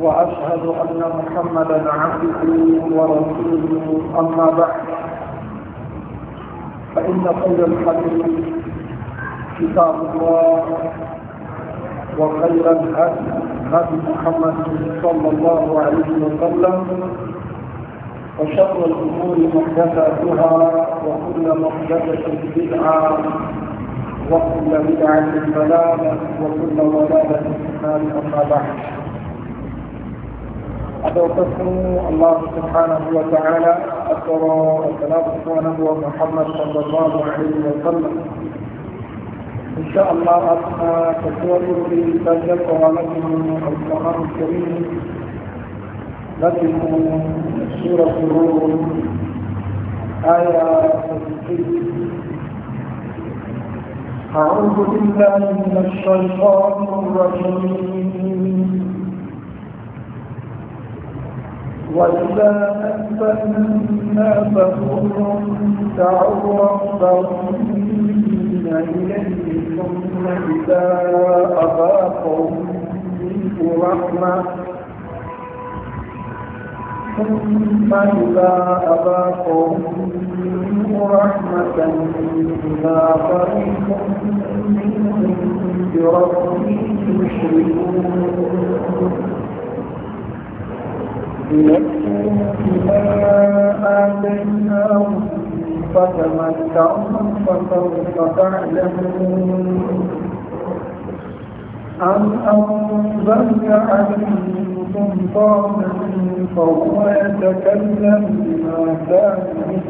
وأشهد أن محمدا عبده ورسوله أما بعد فإن خير الحديث كتاب الله وخير الهدي هدي محمد صلى الله عليه وسلم وشر الأمور محدثاتها وكل محدثة بدعة وكل بدعة بلاغة وكل ضلالة في النار أما بعد أدوكم الله سبحانه وتعالى أكثر الصلاة ونبوة محمد صلى الله عليه وسلم إن شاء الله أتنا تكون في سجد ولكم القرآن الكريم لكم سورة الروم آية أعوذ بالله من الشيطان الرجيم وإذا أنفأنا فهم دعوا ربهم إليه ثم إذا أذاقهم منه رحمة ثم إذا أذاقهم منه رحمة منهم بربهم يشركون ليأتون آتيناهم فتمتعوا فسوف تعلمون أم أنزلنا عليهم سلطانا فهو يتكلم بما كانوا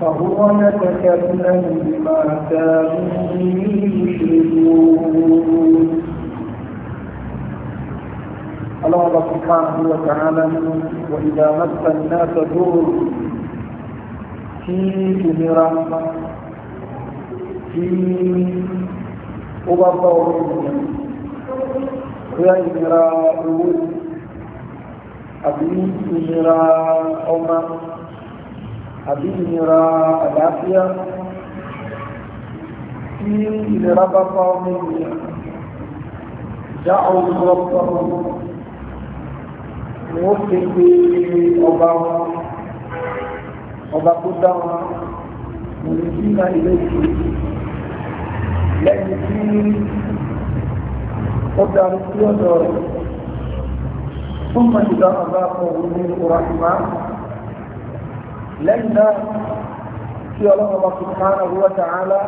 فهو يتكلم بما كانوا يشركون الله سبحانه وتعالى وإذا مس الناس دور في إنرا في أبطار في إنرا أول أبي إنرا أمة أبي إنرا العافية في إنرا بطار دعوا ربهم ni wọ́n ké pé ọba wọn ọba tó dá wọn mo ní kí ká ilé ìlú lẹ́yìn tí ó darí sí ọ̀dọ̀ rẹ̀ fún mọ̀jùlá ọba kan òun ní ìkúrasùmá lẹ́yìn náà tí ọlọ́run ọba subhanahu wa ta'ala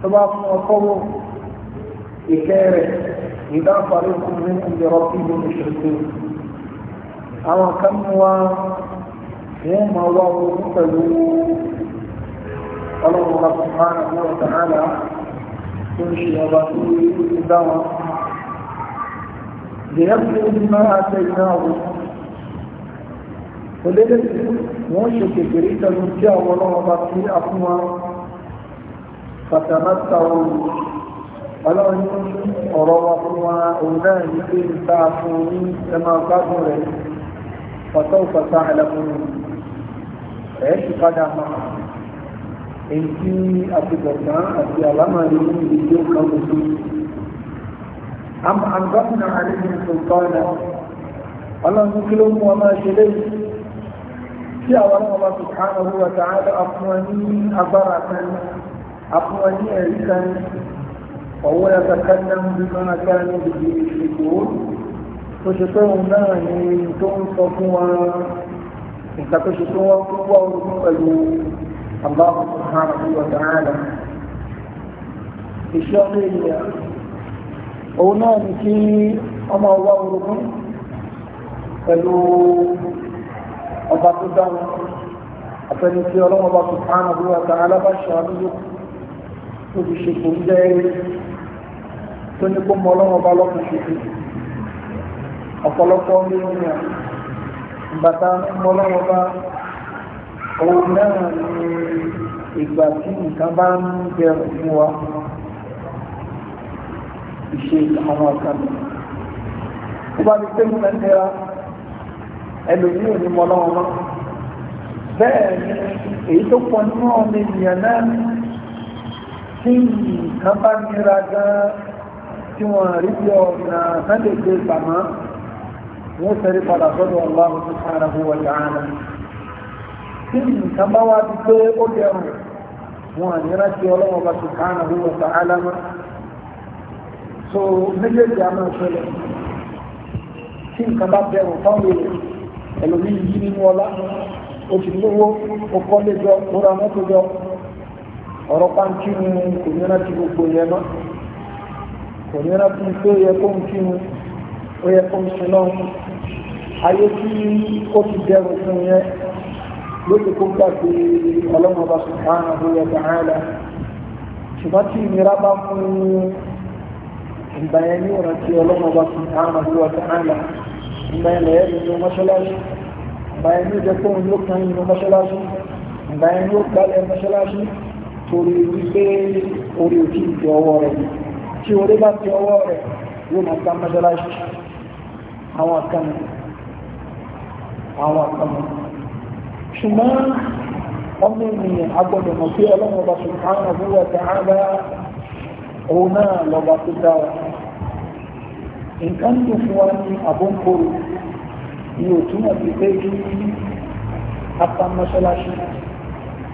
tó bá fún ọkọ̀ wò ìkẹ́ rẹ̀ ìdá àfàlẹ́kùn ní ilẹ̀ rọ́bì ló ní ṣètò àwọn kan wá wọ́n máa wá owó pẹ̀lú ọlọ́run ọba sùhánà wọ́n tààlà tó ń ṣe ọba tó ń dá wọn ليبلغ ما آتيناه ولذلك wọ́n ṣe kékeré tẹnu tí àwọn ọlọ́wọ́ bá fi àfún wa fàtàmátà òun ọlọ́run ní ọ̀rọ̀ wa fún wa òun náà ní pé níta fún ní ẹ máa gbádùn rẹ̀ pàtó pàtó àlẹ́kùn ẹ̀ sì padà mọ́ èyí tí àtibọ̀tán àti àlámàrí ní ìdílé kan lóṣù. àmọ́ àgbàkùnà àríwí tuntun náà ọlọ́run kí ló mú ọ máa ṣe léyìí tí àwọn ọmọ subhanahu wa ta'ala afúnwa ní agbára kan afúnwa ní ẹ̀rí kan وهو يتكلم بما كانوا به يشركون تشتون ناني تنصفوا إنك تشتوا قوة الله سبحانه وتعالى ìṣọ́lé ilẹ̀ òun náà ni kí ọmọ ọwá orogún pẹ̀lú ọba tó dáhùn àtẹni tí ọlọ́mọba subhanahu wa ta'ala alábàṣà lójú tó fi ṣe kò ń jẹ́ tó ní kó mọ ọlọ́wọ́ bá lọ́kùn ṣoṣo ọ̀pọ̀lọpọ̀ mílíọ̀nù bàtà mọ ọlọ́wọ́ bá òun náà ní ìgbà tí nǹkan bá ń bẹ̀rù fún wa ìṣe àwọn àkàndà tó bá ní pé mo ẹlòmíì ní mọ ọlọ́wọ́ náà bẹ́ẹ̀ ni èyí tó pọ̀ nínú ọmọ ènìyàn náà tí nǹkan bá nira gan-an tí wọ́n rí bí ọ̀nà sáńdé gbé gbàmọ́ wọ́n sẹ́rí padà sọ́dọ̀ Allahu subhanahu wa ta'ala tí nǹkan bá wá ti pé ó dẹrùn wọn à ní rántí ọlọ́wọ́ bá subhanahu wa ta'ala mọ́ so méjèèjì a máa ṣẹlẹ̀ tí nǹkan bá bẹ̀rùn fáwọn èèyàn ẹlòmí yìí nínú ọlá oṣù lówó ọkọ lẹ́jọ́ múra mọ́tò jọ ọ̀rọ̀ pàǹtí ni kò ní rántí gbogbo yẹn náà kò ní rántí pé ó yẹ kó ń kírun ó yẹ kó ń sin náà ayé tí ó ti dẹrù fún yẹn ló ti kó gbàgbé ọlọ́mọba subhanahu wa ta'ala ṣùgbọ́n tí ìnira bá fún ìgbà yẹn ní ìrántí ọlọ́mọba subhanahu wa ta'ala ìgbà yẹn lẹ́yìn nínú mọ́ṣáláṣí ìgbà yẹn ní ìjẹ́kùn ló kàn nínú mọ́ṣáláṣí ìgbà yẹn ló gbalẹ̀ mọ́ṣáláṣí torí wípé orí òkè ìjọ ọwọ́ rẹ̀ yìí tí orí bá ti ọwọ́ rẹ̀ yóò máa ká mọ́ṣáláṣí àwọn kan àwọn kan ṣùgbọ́n ọmọ ènìyàn agbọ́dọ̀ mọ̀ pé ọlọ́run ọba subhanahu wa ta'ala òun náà lọ́ba tó dára nǹkan dùn fún wa ní àbóǹkòrò ní òtúmọ̀ sí pé kí apá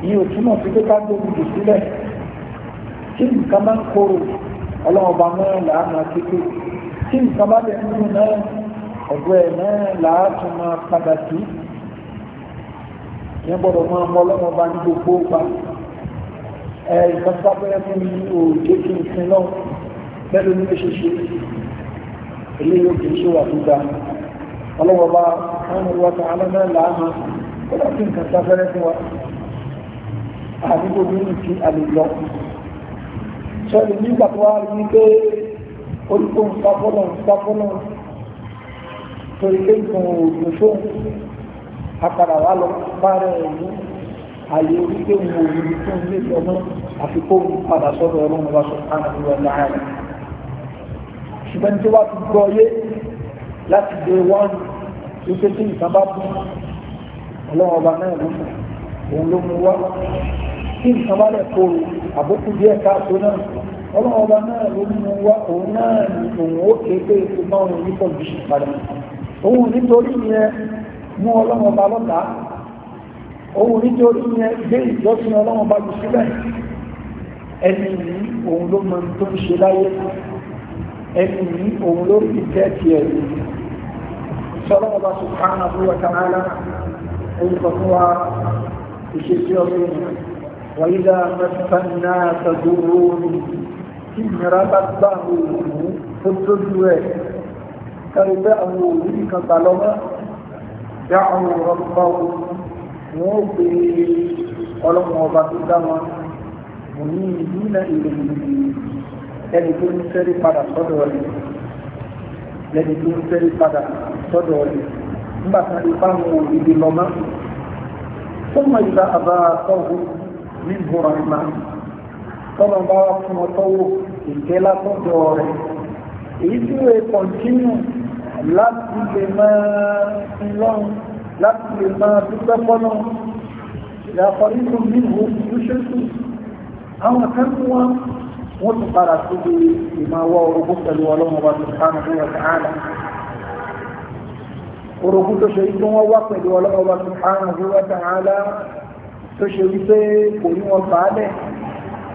ní òtúmọ̀ sí pé ká gbóhùn jù sílẹ̀ kí nǹkan máa ń korò ọlọ́run bá náà làánà kéke tí nǹkan bá dẹ̀ nínú náà ọ̀dọ́ ẹ̀ náà làátún máa padà sí yẹn gbọ́dọ̀ máa mọ ọlọ́run bá ní gbogbo gbà ẹ̀ nǹkan tó bá bẹ́ẹ̀ fún mi ò jẹ́ kí n sin lọ́wọ́ pẹ̀lú ní ṣíṣe eléyìí ó kì í ṣe wà tó dáa ọlọ́wọ́ bá wọn wá ta alámẹ́ làánà ó dàbí nǹkan tó abẹ́rẹ́ fún wa àdúgbò bí nìkí àlè lọ sẹ́lẹ̀ nígbà tó wá rí pé orúkọ ìsáfọ́nà ìsáfọ́nà torí pé nǹkan òògùn fóun apàdà wà lọ bára ẹ̀mí àyè orí pé òun òògùn fóun lè lọ mọ́ àfikún padà sọ́dọ̀ ọlọ́run wa sọ fún àwọn ìwà láàárín ṣùgbọ́n tí wàá ti gbọ́ yé láti dé wọ́n ló pé tí nǹkan bá bú ọlọ́run ọba náà ló òun ló mú wá kí nǹkan bá lẹ̀ kóró àbókù díẹ̀ káàtó náà ọlọ́wọ́ bá náà ló mú wá òun náà ní òun ó ké pé ètò máa ń yípo jù padà òun nítorí yẹn mú ọlọ́wọ́ bá lọ́ta òun nítorí yẹn gbé ìjọsìn ọlọ́wọ́ bá jù sílẹ̀ ẹni ní òun ló mọ tó ń ṣe láyé ẹni ní òun ló rí ìtẹ́ tiẹ̀ sọlọ́wọ́ bá sùn kánà fún wọ́tàmálà olùkọ́ fún wa ìṣesí ọlọ́wọ́ وإذا مس الناس ضر ìnira bá gbá àwọn òòrùn tó tójú ẹ̀ kẹrù pé àwọn òòrùn nìkan gbà lọ́wọ́ dá àwọn òòrùn bá wọn wọn ó pe ọlọ́mọ ọba tó dá wọn mo ní ìlú náà ìròyìn ẹni tó ń fẹ́rí padà sọ́dọ̀ rẹ̀ lẹ́ni tó ń fẹ́rí padà sọ́dọ̀ rẹ̀ nígbà tí wọ́n lè bá àwọn òòrùn lọ́mọ́ tó mọ ìgbà àbá àtọ́hùn ní burama tọ́lọ̀ bá wá fún ọ tọ́wọ́ ìkẹ́ látọ̀dọ̀ rẹ̀ èyí tí ó kọ̀ntínú láti lè máa ń lọ́run láti lè máa dúpẹ́ fọ́nà ìdáfọ́ríkù nínú ìṣẹ́sù àwọn akẹ́kọ̀ọ́ wọn wọ́n ti padà síbi ìmáwọ́ orogún pẹ̀lú ọlọ́run wa subhanahu wa ta'ala orogún tó ṣe ikú wọn wá pẹ̀lú ọlọ́run wa subhanahu wa ta'ala tó ṣe wípé kò ní wọn bàálẹ̀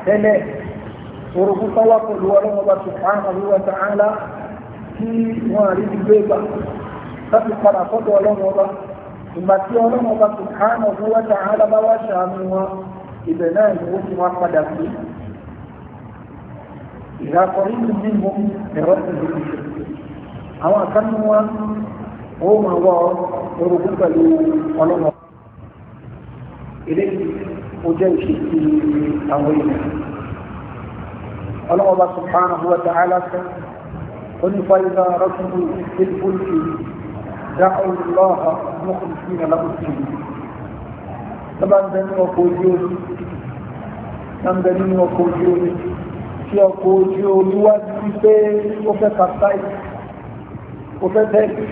tẹ́lẹ̀ orogún tó wá pẹ̀lú ọlọ́wọ́ bá subhanahu wa ta'ala tí wọ́n àrí ti gbé gbà láti padà sọ́dọ̀ ọlọ́wọ́ bá ìgbà tí ọlọ́wọ́ bá subhanahu wa ta'ala bá wá ṣàánú wọn ibẹ̀ náà ni ó ti wá padà sí ìdákọ̀rí mímú ẹ̀rọ ìlú àwọn àkànnú wọn ó máa wọ orogún pẹ̀lú ọlọ́wọ́ eléyìí ó jẹ́ ìṣètì àwọn èèyàn ọlọ́wọ́ bá subhanahu wa ta'ala sọ ó ní fàyíbá rọ́kùnrin ìfúlùkì dáhùn lọ́ha mọ́kùnrin sí ìrànlọ́kùnrin lọ́ba ń bẹ nínú ọkọ̀ ojú omi lọ́ba ń bẹ nínú ọkọ̀ ojú omi tí ọkọ̀ ojú omi wá sí pé ó fẹ́ kàtáì ó fẹ́ tẹ́lẹ̀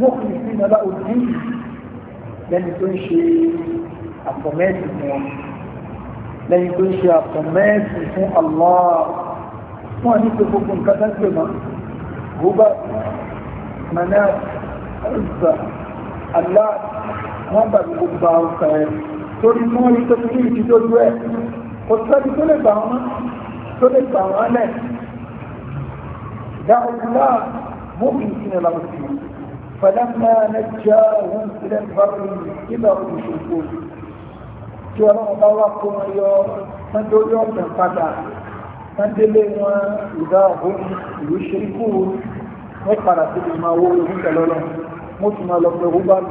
مخلصين له الدين lẹ́ni tó ń ṣe àfọ̀mẹ́sì fún wọn lẹ́ni tó ń ṣe àfọ̀mẹ́sì fún Allah fún àní pé gbogbo nǹkan tó ń pè mọ́ gbogbo mana ọ̀sà Allah wọ́n bá gbogbo àwọn kan ẹ̀ torí mú orí tó fi ìdí lójú ẹ̀ kò sẹ́ni tó lè bà wọ́n tó lè bà wọ́n lẹ̀ dáhùn náà mú kí n sinmi lọ́wọ́ sí i فلما نجاهم إلى البر إذا هم يشركون tí ọlọ́run bá wá kó wọn yọ wọn tó yọ ọ̀sẹ̀ padà wọn délé wọn ìdá ọ̀hún ìlú ṣeríkú wọn padà sí lè máa wó ogun tẹ̀lé lọ wọn tún máa lọ pé rúbálù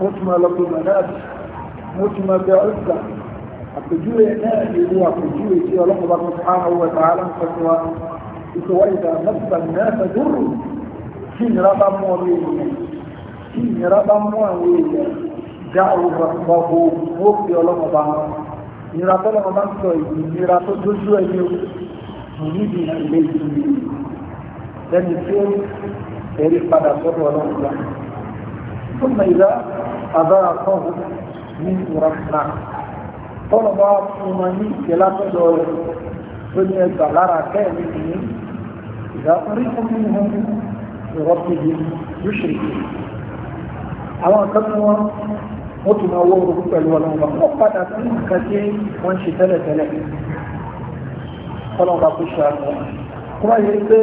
wọn tún máa lọ pé mọ̀dáàdì wọn tún máa bẹ ọ̀sà àpèjúwe náà ìlú àpèjúwe tí ọlọ́run bá tún fún àwọn ọ̀sà aláǹfọ̀tún wa ìṣòwò ìdá mẹ́ta náà dúró tí ìnira bá mú ọmọ èèyàn tí ìnira bá mú àwọn èèyàn já ìrọ̀pọ̀ owó fi ọlọ́mọ bá wọn ìnira tó lọ́mọ bá ń sọ ìnira tó dójú ẹni o kò níbi ìpìlẹ̀ ìpìlẹ̀ lẹ́ni tí ó ẹ̀rí padà sọ́dọ̀ ọlọ́mọ bá tó mọ ìlà àbára kan ní ìrọ̀pọ̀ náà tọ́lọ̀ bá fún wọn ní ìkẹlá tọ́jọ́ rẹ̀ tó ní ẹgbà lára kẹ́ẹ̀mí ìdáfúrí fún mi ìrọ́pìdì yúṣìrì àwọn nǹkan tí wọ́n wọ́n tún máa wọ́ orúkú pẹ̀lú ọlọ́mọba wọ́n padà sí nǹkan tí wọ́n ń ṣe tẹ́lẹ̀tẹ́lẹ̀ ọlọ́mọba kò ṣe àgbọ̀ wọ́n yẹ pé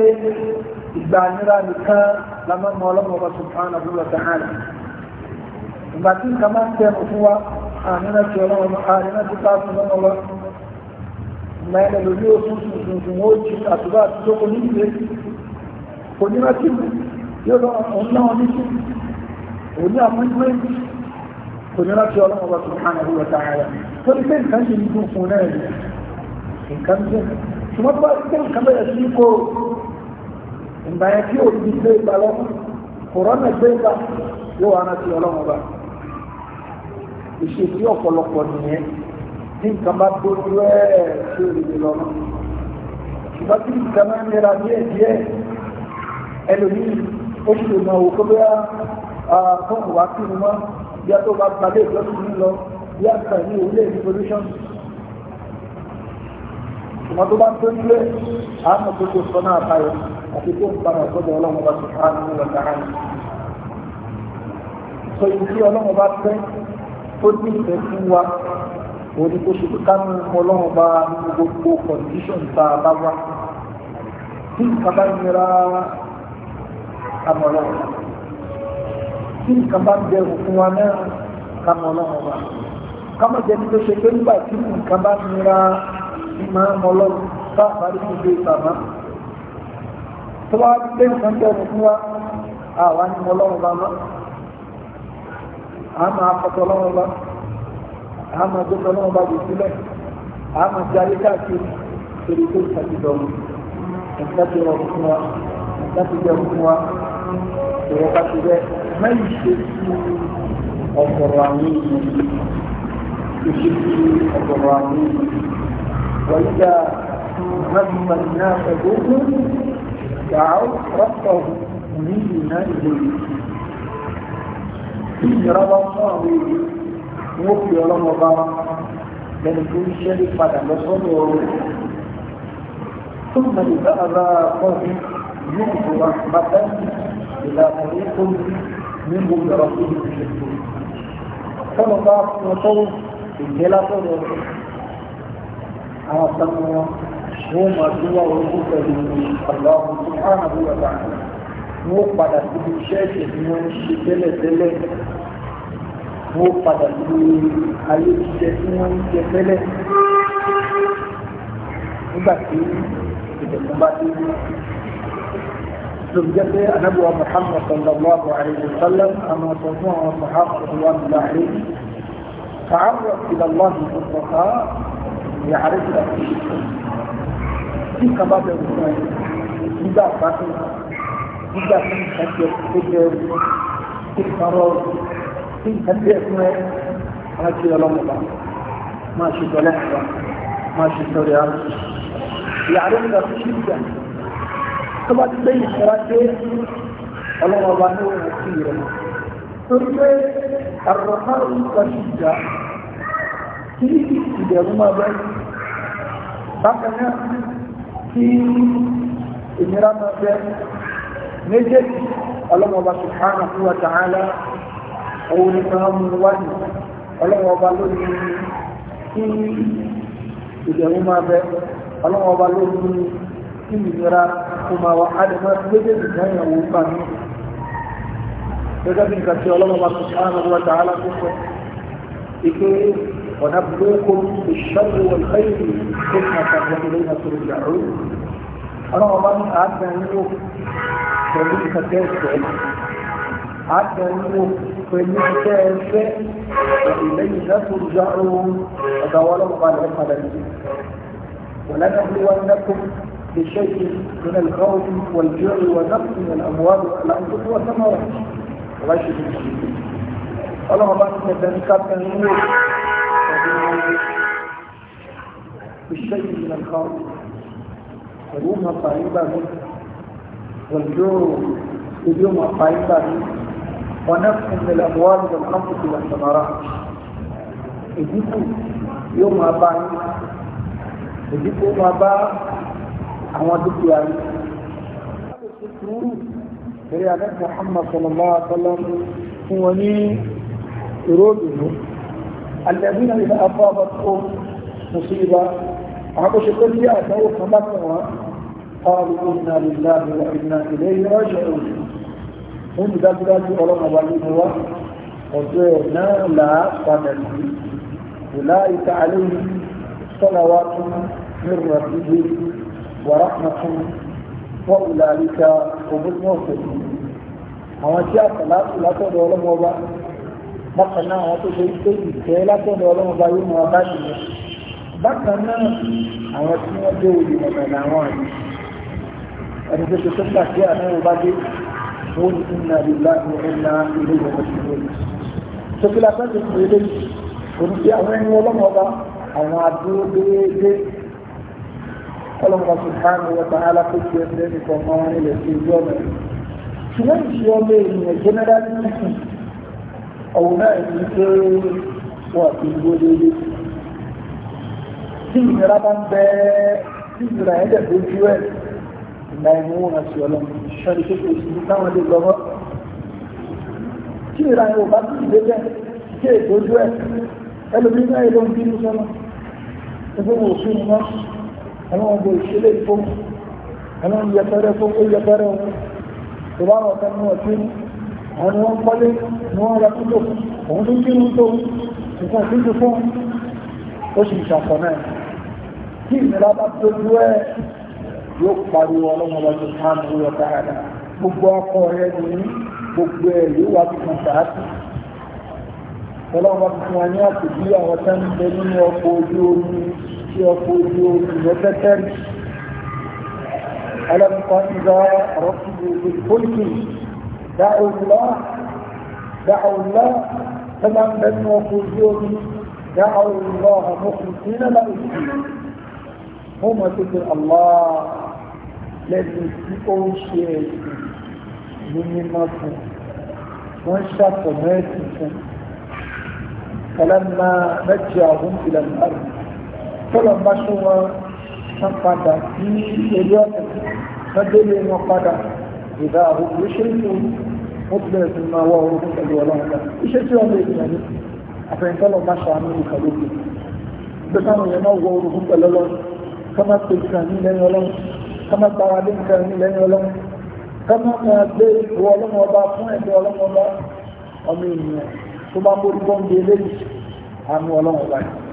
ìgbà nira nìkan la máa mọ ọlọ́mọba subhanahu wa ta'ala ìgbà tí nǹkan máa ń tẹnu fún wa àníná ti ọlọ́mọba àníná ti bá fún ọlọ́mọba ìgbà yẹn òfin tuntun ó jí àtúbà àti tó kò yóò ọ̀nà oníṣẹ́ òní àmúgbẹ́ǹtì kò ní rántí ọlọ́mọba subhanahu wa ta'ala tó ní pé nǹkan ṣe ń fún náà ni nǹkan dùn ṣùgbọ́n bá pé nǹkan bẹ̀rẹ̀ sí kó ìgbà òbí gbé ìgbà lọ kòrónà gbé ìgbà yóò wá rántí ọlọ́mọba ìṣèṣí ọ̀pọ̀lọpọ̀ nìyẹn tí nǹkan bá gbójú ẹ̀ ṣe òrìṣẹ́ lọ́nà ṣùgbọ́n tí nǹkan máa ń díẹ̀ díẹ̀ ẹlòmíì ó ṣe òwò kó bóyá fún ìwà kí ni mọ́ bí a tó bá gbalẹ̀ ìjọsìn ní lọ bí a kà ní orílẹ̀ èdè pollution. ìmọ̀ tó bá ń tó nílé àánú tó kò sọ náà tayọ àti tó ń padà sọ́dọ̀ ọlọ́run bá ti ká nínú ọ̀gá rẹ̀. sọ yìí tí ọlọ́run bá fẹ́ tó ní ìfẹ́ fún wa òní kò ṣe ká ní ọlọ́run bá nínú gbogbo condition tá a bá wá. tí ìkábá nira kamọ̀lọ́ ọba tí nǹkan bá ń bẹ̀rù fún wa náà kamọ̀lọ́ ọba kámọ̀jẹ́ ní tó ṣe pé nígbà tí nǹkan bá nira ìmọ̀ ọlọ́run bá àbárí tó gbé ìtàmá tó wá gbé nǹkan bẹ̀rù fún wa àwa ní ọlọ́run bá mọ́ àmà afọ́tọ̀ ọlọ́run bá àmà gbẹ́tọ̀ ọlọ́run bá yìí sílẹ̀ àmà jáde káàkiri torí tó ìtàkì dọ̀rùn nǹkan ti rọrùn wa nǹkan ti jẹun wa ìwọ̀n bá ti rẹ̀ mẹ́lì ṣe sí ọ̀pọ̀rọ̀ àwọn èèyàn tó ṣe sí ọ̀pọ̀rọ̀ àwọn èèyàn wàlúùdà mẹ́bùmọ̀ náà ẹ̀gbọ́gbọ́n dàáwó rọ́pọ̀ ní ìlú náà bí ìjọba bá fún àwọn èèyàn wọ́n fi ọlọ́mọ bá wọn tó ń ṣẹ́lẹ̀ padà lọ́sọ́dọ̀ ọ̀rọ̀ ثم إذا أبى قوم ينفوا رحمة إلى طريق منهم بربهم يشركون كما قال وطول ìgbélá tó lọ rẹ̀ àwọn sanu wọn wọ́n máa dúwà orúkú pẹ̀lú ọ̀làwọ̀n tó hàn àwọn ọ̀gá wọ́n padà síbi iṣẹ́ ìṣẹ́ tí wọ́n ń ṣe tẹ́lẹ̀tẹ́lẹ̀ wọ́n سجد نبوة محمد صلى الله عليه وسلم أما تنوها الصحابة رضوان الله عليهم تعرف إلى الله بالبقاء يعرف لك في كباب الإسلام إذا فاتح إذا كان كثير كثير كثير كثير كثير كثير ماشي يا رمضان ماشي يا لحظة ماشي يا رمضان يعرف لك شدة tó bá ti gbé ìṣẹ́ra dé ọlọ́wọ́ bá ní òun sí rẹ̀ torí pé àrùnmá ìgbà ṣìjà kí ìdẹ̀rù máa bẹ́ bákan náà kí ìnira máa bẹ́ méjèèjì ọlọ́wọ́ bá subhanahu wa ta'ala òun ni máa mú wáyé ọlọ́wọ́ bá lórí kí ìdẹ̀rù máa bẹ́ ọlọ́wọ́ bá lórí kí ìnira máa kó máa wá á lè máa méjèèjì náà yàn wọ́n gbà mí. gẹ́gẹ́ bí nǹkan tí ọlọ́mọba tó sáánù wọn dà á lákó sọ ìpè ọ̀nà burúkú ìṣẹ́gun wọn lẹ́yìn tó máa tàbí wọn lẹ́yìn àti ìjà rú. ọlọ́mọba ní àádọ́rin wò pẹ̀lú nǹkan tẹ́ ẹ̀fẹ́ àádọ́rin wò pẹ̀lú tẹ́ ẹ̀fẹ́ ìlẹ́yìn náà tó ìjà rú ọ̀dà wọn ọlọ́mọba lẹ́ ونبلونكم بشيء من الخوف والجوع والنقص من الأموال والأنفس والثمرات الله المشركين اللهم بارك لذلك النور بالشيء من الخوف الأمة قريبة والجوع اليوم قريبة منه ونقص من الأموال والأنفس والثمرات ìdíkù يوم أربعين bá yín ìdíkù máa àwọn dúkìá yìí. Láti ṣe sùúrù lórí Adé Muhammad sallallahu alaihi wasallam fún wọn ní ìròdùnú. Àlẹ́bí náà ìlà afọ́ àbátó musiba. Àwọn kò ṣe pé bí àdáwò kan bá tẹ̀ wọ́n. Qalu inna lillahi wa inna ilayhi raji'un. Ó ní dájúdájú ọlọ́run ọba nínú wa. Ọ̀dọ́ ẹ̀ náà là á padà sí. Ìlà ìta àlẹ́ yìí sọ́lá wa tún ní ìrọ̀lẹ́ ورحمة وأولئك هم المهتدون àwọn tí àtàlátù látọ̀dọ̀ ọlọ́mọ ọba bákan náà àwọn tó ṣe pé ìtẹ́ látọ̀dọ̀ ọlọ́mọ ọba yóò máa bá ṣe bákan náà àwọn tí wọ́n dé òye ọ̀nà làwọn àyè ẹni tó ṣe tó gbà sí àdáwò bá dé wọ́n ní ìnà ìlà ìrìnà ilé ìwọ̀n ti wọ́n tó fi látọ̀dọ̀ ìpínlẹ̀ oníṣẹ́ àwọn ẹni ọlọ́mọ ọba àwọn adúró kọlọ́mọ subhanahu wa ta'ala kó tiẹ̀ lẹ́nu kọ̀ọ̀kan wọn nílẹ̀ sí ojú ọ̀nà yìí ṣùgbọ́n ìṣe ọmọ ènìyàn general tuntun ọ̀hún náà ní pé wọ́n ti gbó déédéé tí ìnira bá ń bẹ tí ìnira yẹn dẹ̀ lójú ẹ̀ ìgbà ẹ̀mú wọn àti ọlọ́mọ ìṣọ́ni tó kò sí táwọn lè lọ́wọ́ tí ìnira yẹn ò bá tún ìdé bẹ́ẹ̀ tí èdè ojú ẹ̀ ẹlòmíràn yẹn ẹ̀wọ̀n bo ìṣẹ̀lẹ̀ fún ẹ̀wọ̀n yẹpẹrẹ fún ó yẹpẹrẹ wọn tó bá wọn tẹnu ọtí àwọn ni wọn kọ́lé ni wọn ra kúndò òun tó kí tó nǹkan tí ti fún ó sì ṣàkọ náà kí ìnira bá tójú ẹ yóò pariwo ọlọ́mọba tó ká mú ọ dáadáa gbogbo ọkọ rẹ nìyí gbogbo ẹ yóò wá tuntun sàátì ọlọ́mọba tuntun wa ní àpèjì àwọn tẹ́ńtẹ́ nínú ọkọ̀ ojú omi يقول ọkọ̀ ألم إذا ركبوا بالفلك دعوا الله دعوا الله فمن لم يخرجوه دعوا الله مخلصين له هم تقول الله الذي يقول شيء من مصر وانشق ماتكا فلما نجاهم إلى الأرض tọ́lọ̀ bá ṣe wọn wọ́n padà sí eré ọ̀sẹ̀ wọ́n délé wọn padà ìdá àrùkù iṣẹ́ ìlú ó ti bẹ̀rẹ̀ sí máa wọ orúkú pẹ̀lú ọlọ́run náà iṣẹ́ tí wọ́n lè gbìyànjú àfẹnitọ́lọ̀ bá ṣàánú ìkàlókè bí káwọn èèyàn náà wọ orúkú pẹ̀lú ọlọ́run ká má pe nǹkan ní lẹ́yìn ọlọ́run ká má gbára lé nǹkan ní lẹ́yìn ọlọ́run ká má máa gbé ìwọ ọlọ́run ọba fún ẹ̀dẹ̀ ọlọ́run ọba ọmọ ènìyàn tó bá mórí bọ́ǹdé eléyìí àánú ọlọ́run ọba yìí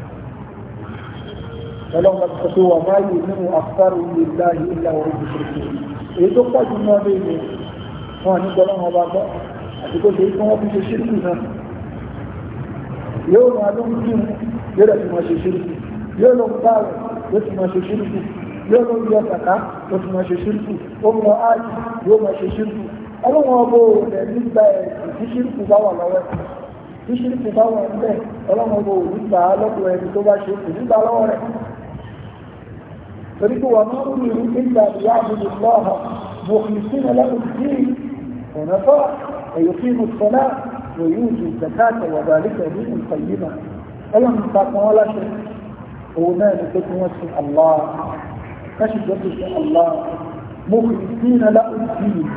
ọlọ́run ti sọ pé wà máa yìí nínú afárò ilé láàyè ilé àwọn olùsèkè èyí tó pọ̀ jù náà léèrè wọn à ní gbọ́dọ̀ wọn bá gbọ́ àti kó lèyí tí wọ́n fi ṣe ṣírìkì náà yóò máa ló ń kí mu yóò dẹ̀ ti máa ṣe ṣírìkì yóò lọ bá rẹ̀ yóò ti máa ṣe ṣírìkì yóò lọ yọ kàkà yóò ti máa ṣe ṣírìkì ó ń lọ yóò máa ṣe ṣírìkì ọlọ́run ọbọ̀ rẹ̀ nígbà ẹ̀ tí ṣírìkì bá wà lọ́wọ́ tí ṣírìkì bá wà ń bẹ̀ ọlọ́run ọbọ̀ nígbà lọ́dọ̀ tó bá ṣe kù فريقه وما أمروا إلا ليعبدوا الله مخلصين له الدين ونفاق ويقيموا الصلاة ويؤتوا الزكاة وذلك دين قيما ألم تكن ولا شيء هنالك توسع الله نشد وجه الله مخلصين له الدين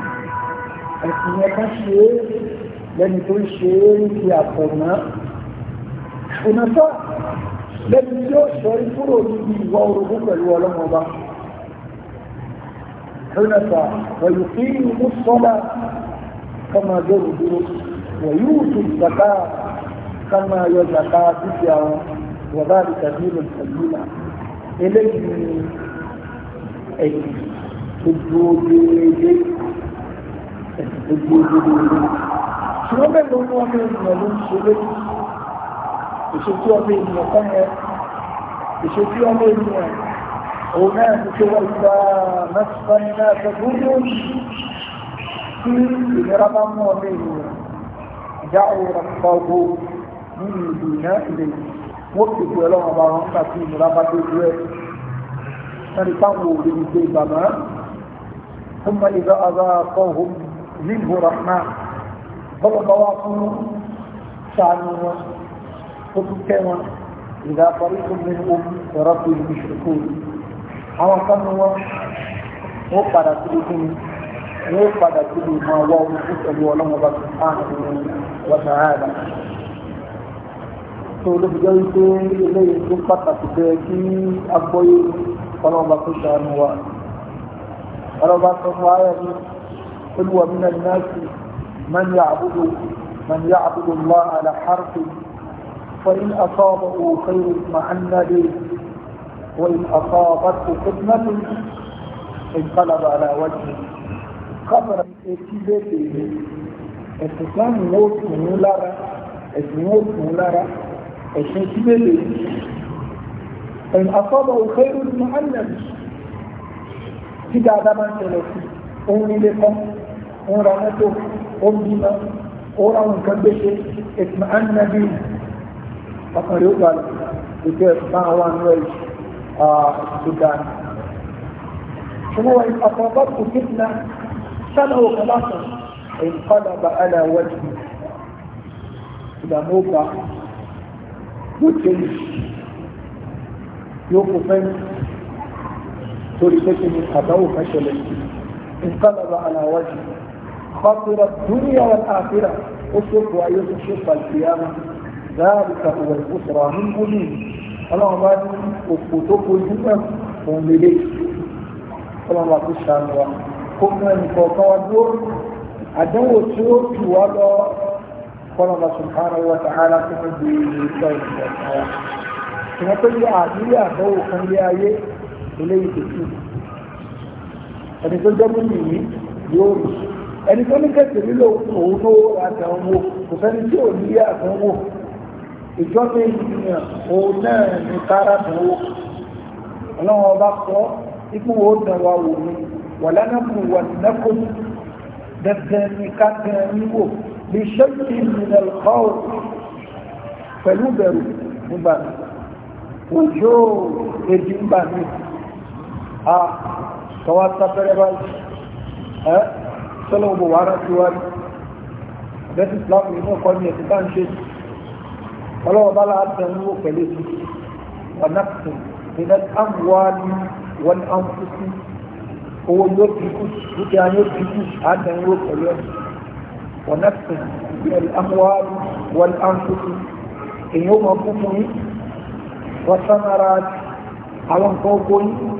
لكن yẹn kan ṣe é lẹ́ni tó ń ṣe lẹ́bi tí ó ṣọ́rí kúrò níbi ìwà orogún pẹ̀lú ọlọ́mọ ọba hẹ́nẹ́ta pẹ̀lú kí mú sọ́lá kama dẹ́rù dúró wọ̀nyí wùtù zaka kama yọ zaka dúkìá wọn wọ̀bá àdìkàdì ìlú ìtàgìlá eléyìí ẹ̀yìn tó dúró déédéé ẹ̀sìn tó dúró déédéé ṣùgbọ́n bẹ́ẹ̀ ló ń wọ́n mẹ́rin ló ń ṣe lẹ́yìn ìṣètí ọmọ ènìyàn kan yẹn ìṣètí ọmọ ènìyàn òun náà ti ṣe wọ́n gba mẹ́sàn-án náà tẹ̀kún ní oṣù tí ìlera bá mú ọmọ ènìyàn já òun pàgbó ní ìlú náà ilé wọ́n ti pè ọlọ́run ọba wọn nígbà tí ìlera فكما إذا فريق منهم ربوا المشركون àwọn kan ní wọn wọn padà síbi kí ni wọn padà síbi máa wọ ọmọ fún pẹ̀lú ọlọmọba tó hàn ní wọta ààrẹ tó ló fi jẹ́ wípé eléyìí tó pàtàkì bẹ́ẹ̀ kí agbóyè ọlọmọba tó sànù wa ọlọmọba tó fún ayé man ya'budu man ya'budu Allah ala harfi. فإن أصابه خير اسمعن لي وإن أصابته خدمة انقلب على وجهه قبر اتزاته اتسام موت مولارا اتموت مولارا اتزاته إن أصابه خير اسمعن لي في دعما سلسل أمي لكم أمي رانته أمي ما أمي كبشة اسمعن لي ọkàn rẹ̀ ó balẹ̀ ìgbẹ́ ẹ̀fọn àwọn àánú ẹ̀ tó dáa. ṣùgbọ́n wọn ọkàn bá kù fitna sábà wò kọ́ lásán ìkọlà bá àlà wájú ìdààmú bá yóò tẹ̀lé yóò kó fẹ́ torí pé kí ni àbáwò kan ṣẹlẹ̀ ìkọlà bá àlà wájú. خاطر الدنيا والآخرة أشرف وأيضا شرف القيامة ذلك هو البشرى من قلوب ọlọ́run bá ní òpó tó kojú náà òun lélẹ̀ ọlọ́run bá tó ṣàánú wa kó mú ẹnì kọ̀ọ̀kan wa dúró àdánwò tí ó tù wá lọ kọ́lọ́mà subhanahu wa ta'ala tó ń bí ìgbà ìgbà ìgbà ìwọ́n tó yẹ àdúrí àdánwò kan lé ayé eléyìí tó tù ẹni tó jẹ́ mú nìyí yóò rí ẹni tó ní kẹsìrì lò òun tó àtàwọn wò kò sẹ́ni tí ò ní àtàwọn wò ìjọba ènìyàn òun náà ní kára dánwò ọlọ́run ọba kọ́ ipò wo dàn wá wò ní wàlánàkùn wàlánàkùn dandan ní ká tẹ̀ ní wò bí ṣẹ́kì ìrìnà lọ́wọ́ pẹ̀lú bẹ̀rù nígbà mi òjò èdè nígbà mi a tọwọ́ sáfẹ́rẹ́ báyìí ẹ́ sọ́lọ́wọ́ wàrà tiwájú bẹ́ẹ̀ ní ẹ̀sìn ọlọ́wọ́ bá láti ẹnu wò pẹ̀lú ètùtù ọ̀nàkùn nínú àmúwárí wọn àmúkúkú owó yóò dínkù dúkìá yóò dínkù àtẹnu wò pẹ̀lú ẹ̀ ọ̀nàkùn nínú àmúwárí wọn àmúkúkú èyí ó mọ fún fún yín wọ́n sán ara àwọn nǹkan ó gbóyún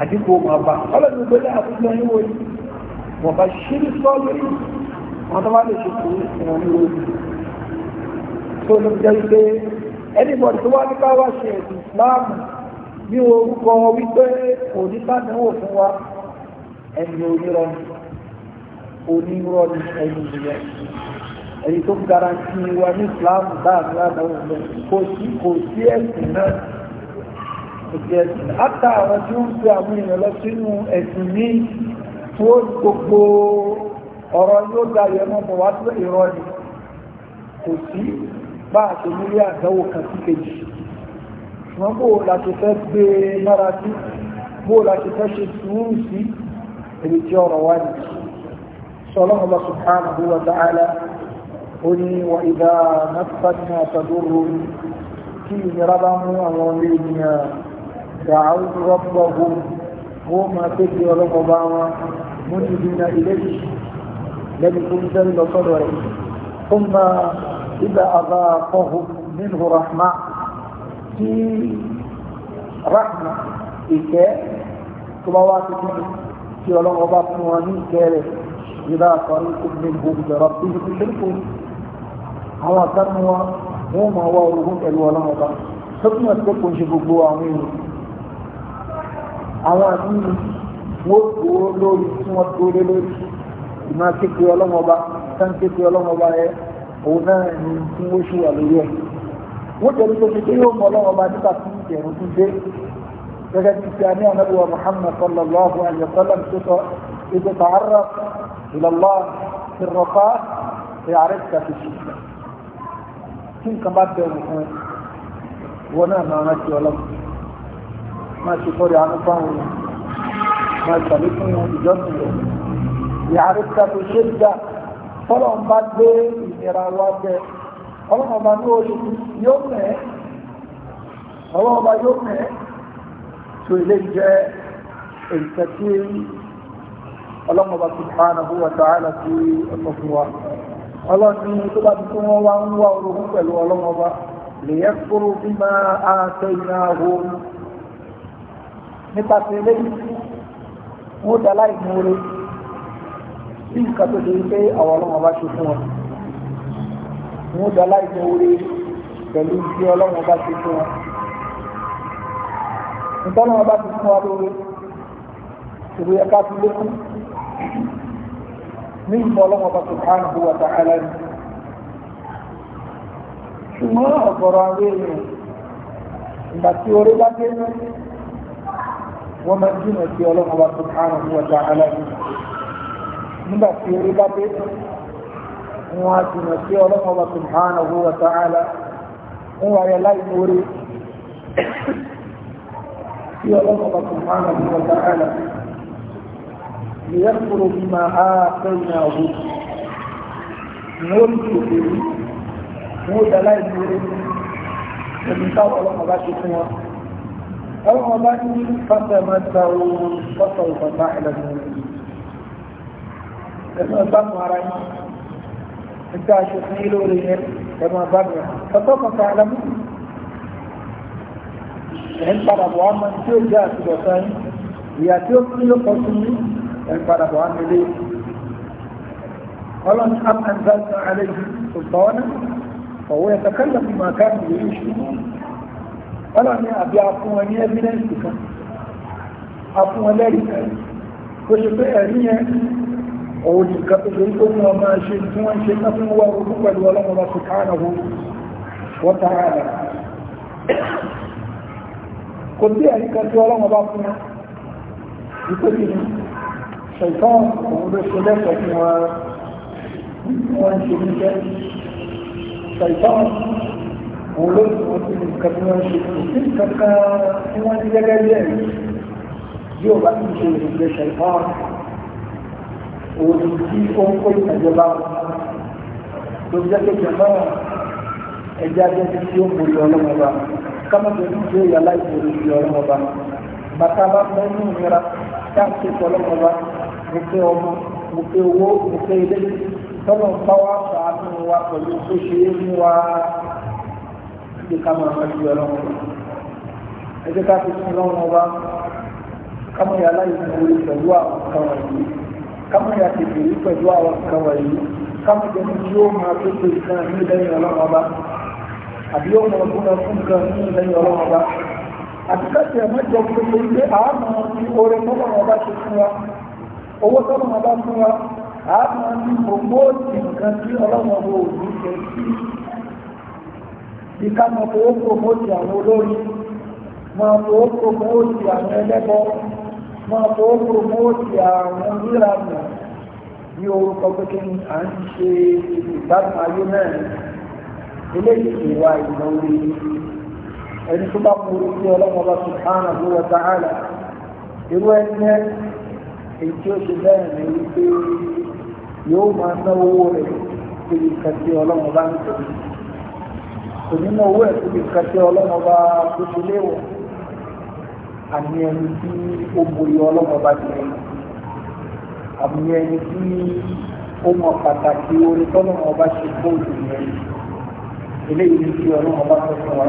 àdínkù ó máa bá ọlọ́dún ìgbélé àbújá yín wò yìí wọ́n bá ṣírí sọ́ọ́lù yìí wọ́n tó bá lè ṣe kúrú ìwọ̀n ní orí tó ló jẹ́ wípé anybody tó wá ní ká ṣe ẹ̀sìn Islam ní orúkọ wípé òní sàdánwò fún wa ẹni onírọ́ ni onírọ́ ni ẹni ìyẹn èyí tó garanti wa ní Islam dáadáa ládàáwò lọ kò sí kò sí ẹ̀sìn náà kò sí ẹ̀sìn náà átà àwọn tí ó ń pe àwọn èèyàn lọ sínú ẹ̀sìn ní tó gbogbo ọ̀rọ̀ yóò dayọ̀ mọ́ bọ̀ wá tó ìrọ̀ ni kò sí bá àti nílé àdánwò kan sí kejì wọ́n bó láti fẹ́ gbé mára sí bó láti fẹ́ ṣe sùúrù sí èyí tí ọ̀rọ̀ wá ní sọlọ́mọlá subhanahu wa ta'ala ó ní wa ìdá mẹ́fàdínà tàdúró kí ìnira bá mú àwọn ilé ènìyàn dàáwù rọ́pọ̀gbọ̀ wọ́n máa tẹ́lẹ̀ ọlọ́pọ̀ bá wọn mú ní ìdínà ilé yìí lẹ́ni tó ń tẹ́lẹ̀ lọ́sọ́dọ̀ rẹ̀ إذا أضاقه منه رحمة في رحمة إيكاء صلوات منه في ولو أضاف موانين كاره إلى طريق منهم بربهم يشركون هو كانوا هم هو وهم الولو أضاف ثم تكون شبكوا عمين àwọn àmì wọ́n dúró lórí tí wọ́n dúró lórí ìmọ̀ kékeré ọlọ́mọba sáńkékeré ọlọ́mọba òun náà ni tí wọ́n ṣe wà lórí ẹ̀ wọ́n tẹ̀lé tó ṣe pé yóò mọ̀ lọ́wọ́ bá nípa tí ìjẹ̀rù tún dé gẹ́gẹ́ bí ti àní ànábì wa Muhammad sallallahu alayhi wa sallam tó sọ ètò tààrà ìlọ́lá ìrọ̀fà ìyàrá ìta fi ṣe kí nǹkan bá bẹ̀rù fún wọn náà máa rántí ọlọ́run máa ṣe kọ́rẹ́ àánú fáwọn èèyàn máa ṣàlékún ìjọ́sìn rẹ̀ ìyàrá ìta fi ṣe dáa fọ́lọ́n bá gbé ìnira wá bẹ́ ọlọ́run ọba ní oṣù yóò mẹ́ ọlọ́run ọba yóò mẹ́ tó ilé jẹ́ èyíkẹ́ tí ọlọ́run ọba subhanahu wa ta'ala sí ọ̀pọ̀ fún wa ọlọ́run tó bá ti tún wọ́n wá ń wá orogún pẹ̀lú ọlọ́run ọba lè yẹ kúrò bí máa àṣẹ iná ahoro nípasẹ̀ eléyìí wọ́n dá láì mú orí sí nǹkan tó ṣe wípé àwọn ọlọ́run ọba ṣe fún wọn wọn dá láìpẹ́ orí pẹ̀lú tí ọlọ́run ọba ṣe fún wọn nítorí ọba ti fún wa lóore ìwé ẹ̀ka ti lékún ní ìmọ̀ ọlọ́run ọba subhanahu wa ta'ala ni ṣùgbọ́n ọ̀gọ̀rọ̀ àwọn èèyàn ìgbà tí orí bá dé wọ́n máa jìnnà sí ọlọ́run ọba subhanahu wa ta'ala ni nígbà tí orí bá dé wọn á ti mọ̀ sí ọlọ́run ọba subhanahu wa ta'ala ń wà yẹ láì mórí sí ọlọ́run ọba subhanahu wa ta'ala liyakuru bima aataynahu mórí tòkè yìí ọba ní fásitì mẹ́ta òun fọ́sọ̀ ìfọ̀tà ìlànà ìlú ẹ̀mọ́ ìbámu ara yín nígbà aṣòfin yìí lórí yẹn ẹ̀mọ́ ìbámu rẹ̀ ọ̀tọ́ kankan alámú ẹ̀ ń padà bọ̀ ọmọ tí ó jẹ́ àtúbọ̀tán yín ìyá tí ó kú ló kọ́ sí yín ẹ̀ ń padà bọ̀ ọmọ ilé ọlọ́run am anzalna alayhi sultana ọ̀wọ́ ẹ̀ kankan lọ́mọ màkà ìlú ìṣúná ọlọ́run ní àbí afún wọn ní evidence kan afún wọn lẹ́rìí kan kò ṣe pé ẹ̀rí yẹn òun ni nǹkan tó ṣe tó mú ọmọ ṣe tí wọ́n ṣe tó fún wa orúkú pẹ̀lú ọlọ́mọba subhanahu wa ta'ala kò sí ẹ̀rí kan tí ọlọ́mọba fún wọn nítorí ni ṣẹ̀tàn òun ló ṣe lẹ́sọ̀ọ́ fún wa wọ́n ṣe níṣẹ́ ṣẹ̀tàn òun ló ṣe ní gẹ́gẹ́ òní tí ó ń kó ìtàjọba wọn tó jẹ́ pé jẹ̀mọ́ ẹ̀jẹ̀ ajẹ́sí tí ó borí ọlọ́mọba kámọ́tò ní ìjọ ìyá láì borí ti ọlọ́mọba bàtà bá fẹ́ ní ìnira káàkiri ti ọlọ́mọba mo fẹ́ ọmọ mo fẹ́ owó mo fẹ́ ilé tọ́lọ̀ ń bá wa fàánù wa pẹ̀lú tó ṣe é mú wa ṣe ká máa fẹ́ ti ọlọ́mọba ẹ̀jẹ̀ ká fi sí ọlọ́mọba kámọ́ ìyá láì borí àwọn kan wọ̀nyí kámọ̀ ya ti bèrè pẹ̀lú àwọn kan wọ̀nyí kámọ̀ jẹ́ ní yóò máa tó tó nǹkan ní lẹ́yìn ọlọ́run ọba àbí yóò máa gúnra fún nǹkan ní lẹ́yìn ọlọ́run ọba àti káṣí ẹ̀ mẹ́jọ pé pé àánú ní oore tọ́lọ́run ọba ṣe fún wa owó tọ́lọ́run ọba fún wa àánú ní gbogbo nǹkan tí ọlọ́run ọba ò ní ṣe sí bí ká máa fowó promote àwọn olórí máa fowó promote àwọn ẹlẹ́gbọ́n máa fọwọ́ promote àwọn oníranù ní orúkọ pé kí à ń ṣe ìgbádùn ayé náà eléyìí ìwà ìnáwó ẹni tó bá kúrò sí ọlọ́mọba subhanahu wa ta'ala irú ẹni èyí tí ó ṣe bẹ́ẹ̀ ní wípé yóò máa ná owó rẹ̀ síbi kàtí ọlọ́mọba ń tẹ̀lé kò ní owó ẹ̀ síbi kàtí ọlọ́mọba tó ṣe léwọ̀n àmì ẹni tí ó borí ọlọ́mọ bá ti rẹ̀ àmì ẹni tí ó mọ pàtàkì orí tọ́lọ́mọ bá ṣe bóòlù rẹ̀ eléyìí ní kí ọlọ́mọ bá tó fún wa.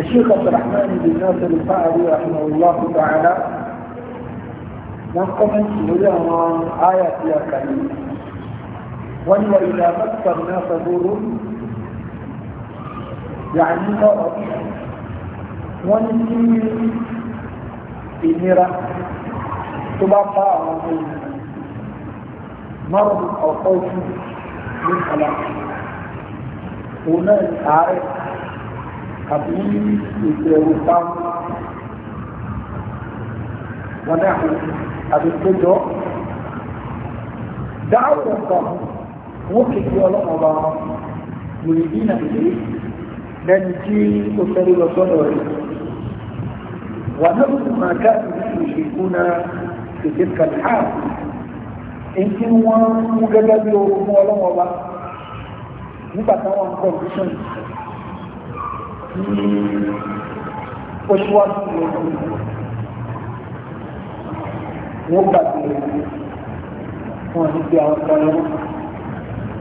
الشيخ عبد الرحمن بن ناصر الفاعلي رحمه الله تعالى نقم لدى آية يا كريم وهي إذا مكرنا فدور يعني رأيت wọ́n ní kí ìnira tó bá fa àwọn ọmọ ìlú márùn ọ̀pọ̀ ojú ní kọlá òun náà ní ààrẹ àbí ìbẹ̀rù báwọn wọn náà àbí tó dáhùn nǹkan wọ́n kékeré ọlọ́mọba yorùbá nàìjíríà lẹ́ni tí ó fẹ́ lọ sọ́dọ̀ rẹ̀. ونظر ما كانوا يشركون في تلك الحال إن كانوا مجدد يورم ولا وضع nígbà táwọn kọ̀ọ̀kùsùn ó ṣíwájú lórí wọ́n gbàgbé wọn ní bí àwọn kan lọ́wọ́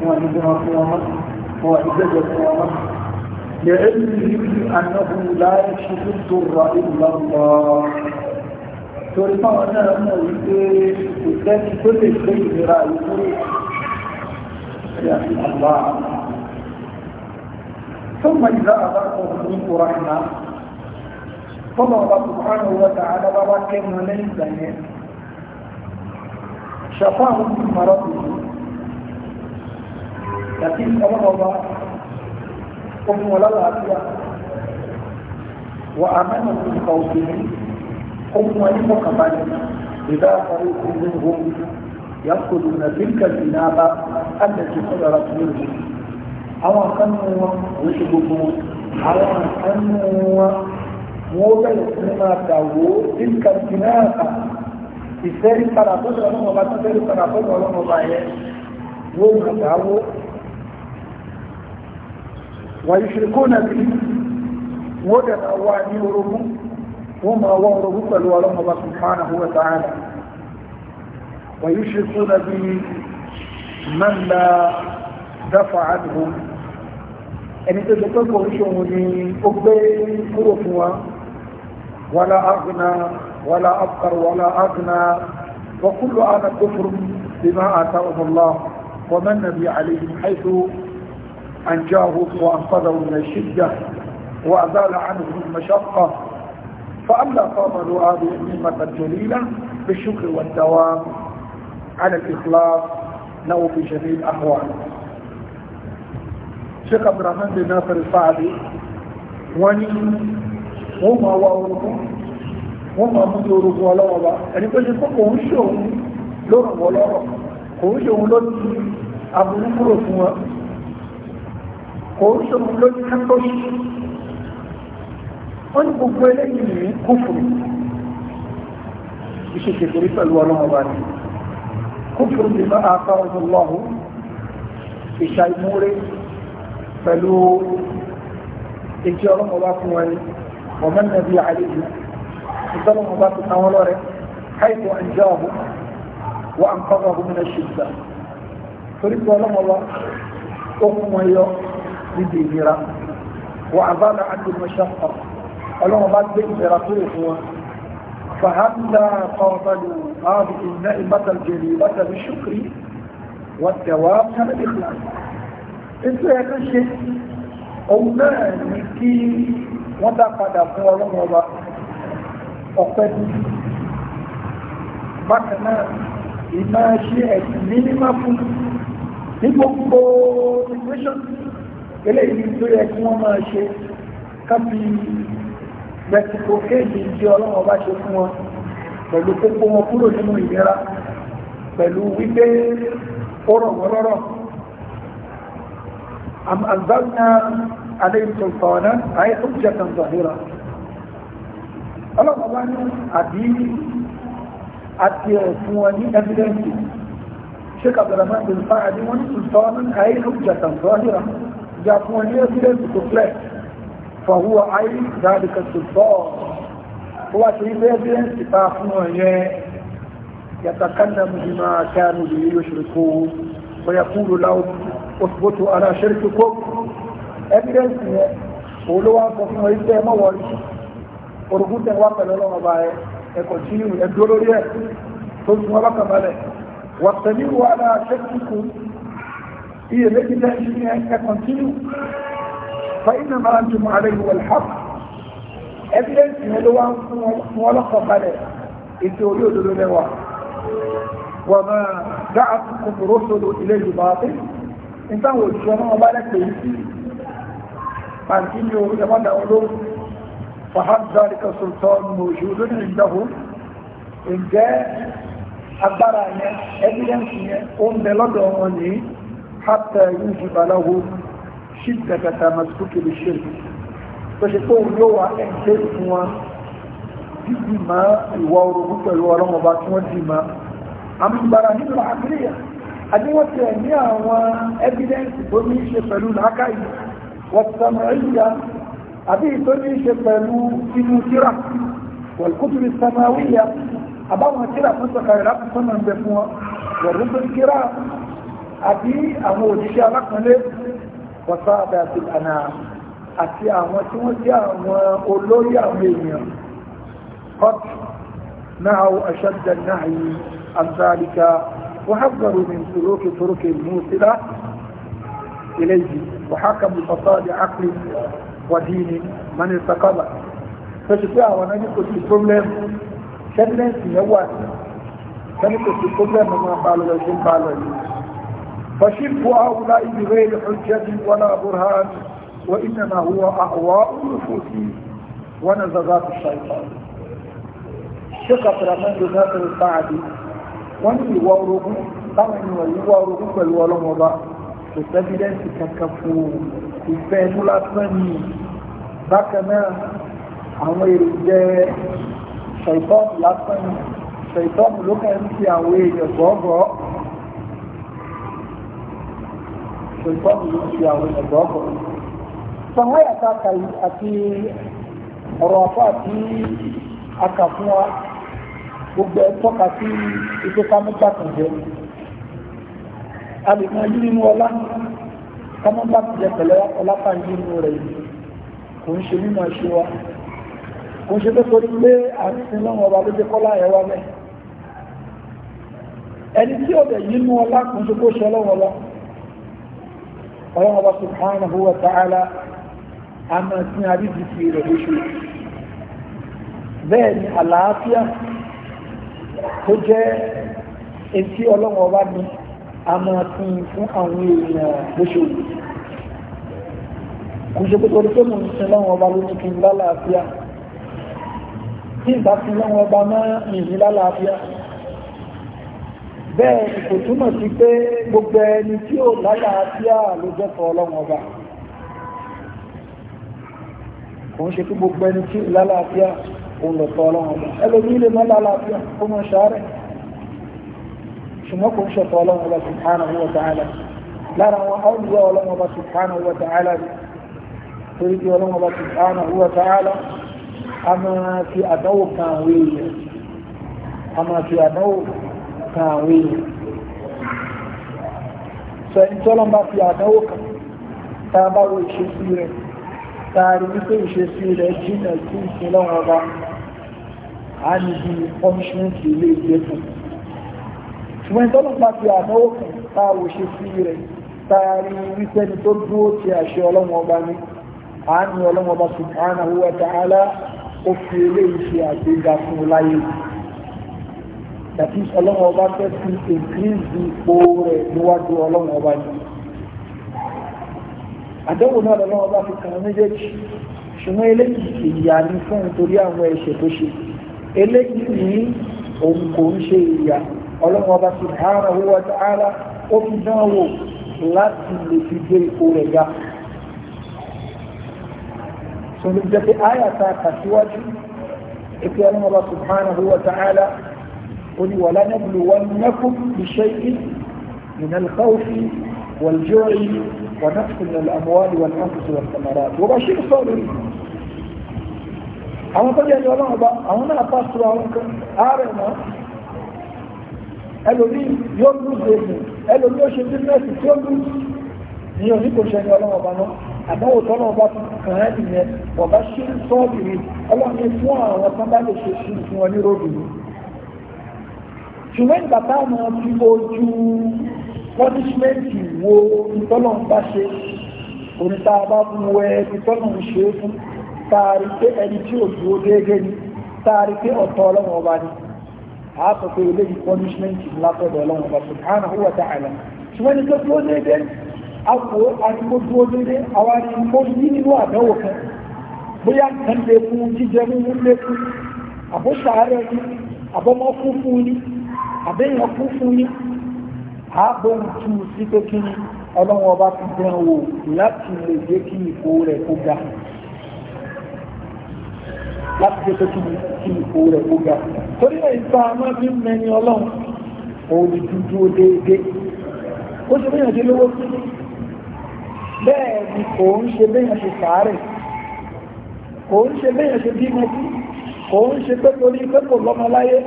wọn ní bí wọn fún wọn mọ́ wọn ní bí wọn fún wọn mọ́. لعلمهم أنه لا يشهد الضر إلا الله تولمعنا أنه يتاك كل شيء رأيته يا الله ثم إذا أبقوا من قرحنا ثم الله سبحانه وتعالى بارك من الزنة شفاهم من مرضه لكن الله fún wọn lálàáfíà wà á mẹ́nu tó ń ka òkè ní ó fún wọn ní mọ́kànbalẹ̀ ìdá àkàrí òkun ní ìhó yàtọ̀lù nà bí kàlí náà bá àgbẹ̀tì fún yàrá tó ń lò àwọn kan nù wọn ò wàyí ṣìrìkó náà bí wọ́n dẹ̀ máa wá ní orogún wọ́n máa wá orogún pẹ̀lú ọlọ́mọba subhanahu wa ta'ala wàyí ṣìrìkó náà bí man la dafa anhum ẹni tó ṣe pẹ́kọ̀ oríṣòwò ni ó gbé kúrò fún wa wàlá agbìnà wàlá abkar wàlá agbìnà wàkúlù ànà kófùrù bímá àtàwọn ọmọlá wọ́n mẹ́rin nàbí àlejò أنجاه وأنقذه من الشدة وأزال عنه المشقة فأملى فاضل هذه النعمة الجليلة بالشكر والدوام على الإخلاص له في جميع الأحوال شيخ عبد الرحمن بن ناصر الصعدي وني وما وأوركم وما máa mú orúkọ يعني كل فوق وشهم ṣe kókò وشهم ṣòun أبو نصر kò ń ṣe mú lójú kátó ṣe wọ́n ní gbogbo eléyìí ní kúfùrù iṣẹ́ kékeré pẹ̀lú ọlọ́run ọba ni kúfùrù bí bá àpá ọdún lọ́hùn ìṣà ìmúre pẹ̀lú ìjẹ́ ọlọ́run fún wọn ni ọmọ nàbí àlejò ìtọ́lọ́run ọba fún àwọn lọ́rẹ̀ حيث أنجاه وأنقذه من الشدة فريق الله الله أمه níbi ìnira wà àbára àdìmọ̀ṣàpọ̀ ọlọ́run bá gbé ìnira tó rè fún wọn فهلا قابلوا هذه النعمة الجليلة بالشكر والدوام على الإخلاص ètò ẹ̀ka ṣe òun náà ní kí wọ́n dá padà fún ọlọ́run ọba ọ̀pẹ́ dúdú bákan náà eléyìí ní tó yẹ kí wọ́n máa ṣe kábí mẹ́tíkò kéèjì tí ọlọ́wọ́ bá ṣe fún wọn pẹ̀lú pópó wọn kúrò nínú ìlera pẹ̀lú wípé ó rọ̀ wọ́n lọ́rọ̀ àgbàgbà aléìtò ìfọ̀ọ̀nà ayé tó jẹ́ kan zọ̀hírà ọlọ́wọ́ bá ní àbí àti ẹ̀fún wọn ní evidence sheik abdulrahman bin fa'adi wọn ní ìfọ̀ọ̀nà ayé tó jẹ́ kan zọ̀hírà já fún ọ ní ẹ́sídẹ́ǹtì tó flẹ̀ fọ̀húwọ̀ ayé ìdádìkà tó bọ́ ọ wá sí ilé ẹ́sídẹ́ǹtì bá fún ọ yẹn يتكلم بما كانوا به يشركون ويقول لهم اثبتوا على شرككم evidence yẹn olówó akọfún ẹgbẹ́ ẹmọ wọlé orúkún tẹ wá pẹ̀lú ọlọ́run ọba ẹ ẹkọ tí yìí ẹdúró lórí ẹ tó tún ọba kàmálẹ wàtẹ̀lí wà náà ṣẹ́kùkù هي التي لا يجب أن continue فإنما أنتم عليه هو الحق evidence yẹn ló wá ń fún wọn lọ́kọ̀ balẹ̀ ètò orí òdodo lẹ́wà wọ́n máa dá àkókò rọ́sọ̀lù ilé yorùbá pé nítawọn òṣìṣẹ́ náà bá lẹ́pẹ̀ yìí sí àti ní orí ẹ̀mọ́dà wọn ló fàhádàríkà sultan mọ̀ṣù lónìí ìdáhù ǹjẹ́ agbára yẹn evidence yẹn ó ń bẹ lọ́dọ̀ wọn nìyí hatta yujiba lahu shiddata tamassuki bi shirk tó ṣe pé òun yóò wá ẹ̀ǹtẹ́ fún wa dídì má ìwà orogún pẹ̀lú ọlọ́mọba tí wọ́n dì má àmúgbára nínú àgbéyà àdéwọ́tì ẹ̀ ní àwọn evidence tó ní í ṣe pẹ̀lú làákàyè wọ́tàmọ̀ ẹ̀yà àbí tó ní í ṣe pẹ̀lú inú tíra wọ̀lùkútùrì samawiya àbáwọn tíra fún sọ̀kàrẹ̀ láti sọ́nà ń bẹ fún wọn wọ̀lùkútùrì tíra àbí àwọn òjíṣẹ́ alákanlé wọ́sá àdáàtì àná àti àwọn tí wọ́n jẹ́ àwọn olóyè àwọn èèyàn hot náà aṣọ́jà náà yìí àzáríkà وحذروا من سلوك طرق الموصلة إليه وحكموا فساد عقل ودين من استقبل فشفاء ونجد في problem شدنس يواسي كانت في problem ما قالوا لجين قالوا لجين فشرك هؤلاء بغير حجة ولا برهان وإنما هو أهواء النفوس ونزغات الشيطان شقة رمان ذات البعد ومن يورغ طبعا ويورغ بالولم وضع تستبدل تكفو ìfẹ́nu lásán ni bákan náà àwọn èrò jẹ́ ṣẹ̀tọ́ọ̀mù lásán ni ṣẹ̀tọ́ọ̀mù nǹkan mi ń ṣe àwọn ẹ̀dọ́ ọkùnrin. sanwó yàtọ̀ àkàyè àti ọ̀rọ̀ àpá àti àkà fún wa gbogbo ẹ̀ tọ́ka sí ìfẹ́kámẹ́gbà kan jẹ́ a lè máa yí nínú ọlá kámẹ́gbà kan jẹ́ pẹ̀lẹ́ ọlápá yí nínú rẹ̀ yìí kò ń ṣe nínú ẹ̀ṣẹ́ wa kò ń ṣe tó torí pé àti lọ́wọ́ ọba ló jẹ́ kọ́lá wá mẹ́ ẹni tí ọ̀dẹ̀ yí nínú ọlá kò ń ṣe kó ṣe ọlọ́wọ́ ọlọ́wọ́ ọlọ́run ọba subhanahu wa ta'ala a máa sin àríjìkì rẹ̀ lóṣù bẹ́ẹ̀ ni àlàáfíà tó jẹ́ etí ọlọ́run ọba ni a máa sin fún àwọn èèyàn lóṣù kò ṣe pé pé mo ń sin lọ́run ọba lóṣù kí n lálàáfíà tí ìbá sin lọ́run ọba máa ń rìn ní lálàáfíà bẹ́ẹ̀ ni kò túmọ̀ sí pé gbogbo ẹni tí ò lálàáfíà ló jẹ́kọ̀ọ́ ọlọ́run ọba kò ń ṣe pé gbogbo ẹni tí ò lálàáfíà òun lọ̀tọ̀ ọlọ́run ọba ẹlòmí lè má lálàáfíà kó mọ̀ ṣàárẹ̀ ṣùgbọ́n kò ń ṣẹ̀tọ̀ ọlọ́run ọba subhanahu wa ta'ala lára àwọn àwùjọ ọlọ́run ọba subhanahu wa ta'ala ni torí pé ọlọ́run ọba subhanahu wa ta'ala a máa fi àdánwò kan àwọn èèyàn a máa fi àdánwò kan àwọn èèyàn sọ ẹni tọ́lọ́ bá fi àdánwò kan tá a bá wo ìṣesí rẹ̀ tá a rí wípé ìṣesí rẹ̀ jìnnà sí ìpínlẹ̀ ọba a níbi punishment ilé ìgbé fún ṣùgbọ́n tọ́lọ́ bá fi àdánwò kan tá a wo ìṣesí rẹ̀ tá a rí wípé ẹni tó dúró ti àṣẹ ọlọ́run ọba ni àánú ọlọ́run ọba subhanahu wa ta'ala ó fi eléyìí ṣe àgbéga fún láyé yìí tàbí ọlọ́run ọba fẹ́ fi èkìrìsì ipò rẹ̀ níwájú ọlọ́run ọba ni. àdéhùn náà lọ́lọ́run ọba fi kàn méjèèjì ṣùgbọ́n eléyìí ìyá ni fún nítorí àwọn ẹ̀ṣẹ̀ tó ṣe eléyìí ní òun kò ń ṣe ìyá ọlọ́run ọba subhanahu wa ta'ala ó fi dánwò láti lè fi gbé ipò rẹ̀ ga. sọ̀rọ̀ jẹ́ pé àyà ta ọlọ́run ọba subhanahu wa ta'ala قل ولنبلونكم بشيء من الخوف والجوع ونقص من الأموال والأنفس والثمرات وبشير صابرين àwọn tó jẹ́ ìjọba ọba àwọn náà pàṣẹ àwọn kan ààrẹ náà ẹlòmí yóò lùzù èmù ẹlòmí ó ṣe bímẹ́sì tí ó lùzù ní òní kò ṣe ní ọlọ́wọ́ ọba náà àbáwò tọ́lọ́ ọba kàn án nìyẹn ọba ṣe ń sọ́ọ̀bì rí ọlọ́run fún àwọn tó bá lè ṣe sí fún ọ ní ròdù yìí ṣùgbọ́n ìgbà táwọn fi ojú pọ́nísímẹ́ǹtì wo ìtọ́lọ̀ ń bá ṣe oníta bá fún wẹ ìtọ́lọ̀ ń ṣe fún taari pé ẹni tí ò dúró déédéé ni taari pé ọ̀tọ̀ ọlọ́run ọba ni a sọ pé eléyìí pọ́nísímẹ́ǹtì látọ̀dọ̀ ọlọ́run ọba subhanahu wa ta'ala ṣùgbọ́n ní tó dúró déédéé àpò àdúgbò dúró déédéé àwa ni mo ní nínú àdánwò kan bóyá nǹkan lè fún jíjẹ mímú lé fún àbóṣàárẹ̀ ni àbọ́mọ́ fún fún ni àbẹ́yàn kú fún ní àgbóhùn tú sí pé kí ọlọ́run ọba fi dán wò láti lè jẹ́ kí ipò rẹ̀ kó ga láti jẹ́ pé kí ipò rẹ̀ kó ga torí ẹ̀ ìta àmọ́ bí mẹ́ni ọlọ́run òun ni dúdú déédéé ó ṣe bẹ́yàn dé lówó sí bẹ́ẹ̀ ni kò ń ṣe bẹ́yàn ṣe sàárẹ̀ kò ń ṣe bẹ́yàn ṣe bímọ sí kò ń ṣe pé torí pé kò lọ́mọ láyé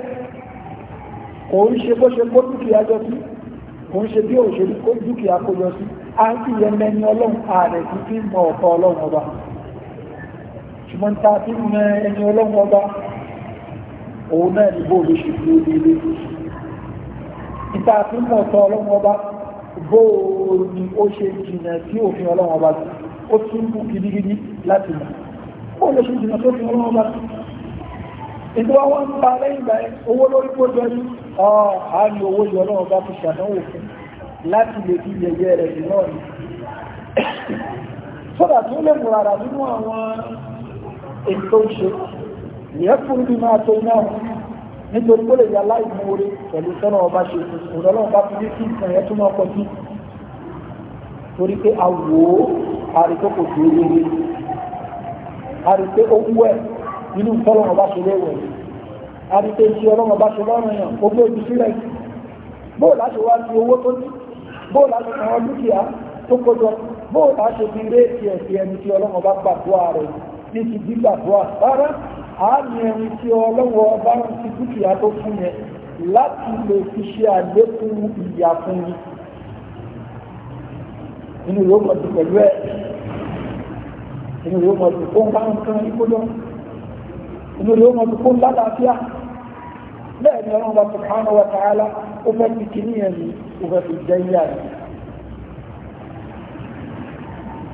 kò ń ṣe bó ṣe kó dúkìá jọ sí kò ń ṣe bí òṣèlú kó dúkìá kó jọ sí a ń fi yẹn mẹ́ni ọlọ́run ààrẹ tí fi mọ ọ̀tọ̀ ọlọ́run ọba ṣùgbọ́n ta fi mọ ẹni ọlọ́run ọba òun náà ní bó lè ṣe fi ó délé ìta fi mọ ọ̀tọ̀ ọlọ́run ọba bó ni ó ṣe jìnà sí òfin ọlọ́run ọba ó tún kú gidigidi láti mọ̀ bó ṣe jìnà sófin ọlọ́run ọba ìgbà wọn ń pa lẹ́yìn ìgbà owó lórí kó jọ yìí àárí owó yọ náà bá fi ṣàdánwò fún láti lè fi yẹyẹ rẹ̀ jù náà ni sọ́dà tó lè mú ara nínú àwọn ètò ìṣe ìyẹ́fún bí máa tó náà nítorí tó lè yà láì mú orí pẹ̀lú sọ́nà ọba ṣe òun ọlọ́run bá fi ní kí nǹkan ẹ̀ tó máa pọ̀ sí torí pé a wò ó àríkó kò tó lóore àríkó owó ẹ̀ nínú sọ́nà ọba ṣe léwọ̀ yìí àríkè tí ọlọ́mọ bá ṣe lọ́rùn yàn ó gbé ojú sílẹ̀ bóò láti wá sí owó tó ní bóò láti san ọ dúkìá tó kójọ bóò láti fi réèkì ẹ̀sì ẹni tí ọlọ́mọ bá gbàdúrà rẹ̀ ní ti gbígbàdúrà rárá àmì ẹni tí ọlọ́wọ́ bá ń fi dúkìá tó fún yẹn láti lè fi ṣe àlékún ìyà fún yìí inú yóò mọ̀ sí pẹ̀lú ẹ̀ inú yóò mọ̀ sí fún bá ń kan ikú lọ́wọ́ inú ilé wọn tó kún lálàáfíà bẹ́ẹ̀ ni ọlọ́run bá subhanahu wa ta'ala ó fẹ́ fi kí níyẹn ni ó fẹ́ fi jẹ́ yíyá rẹ̀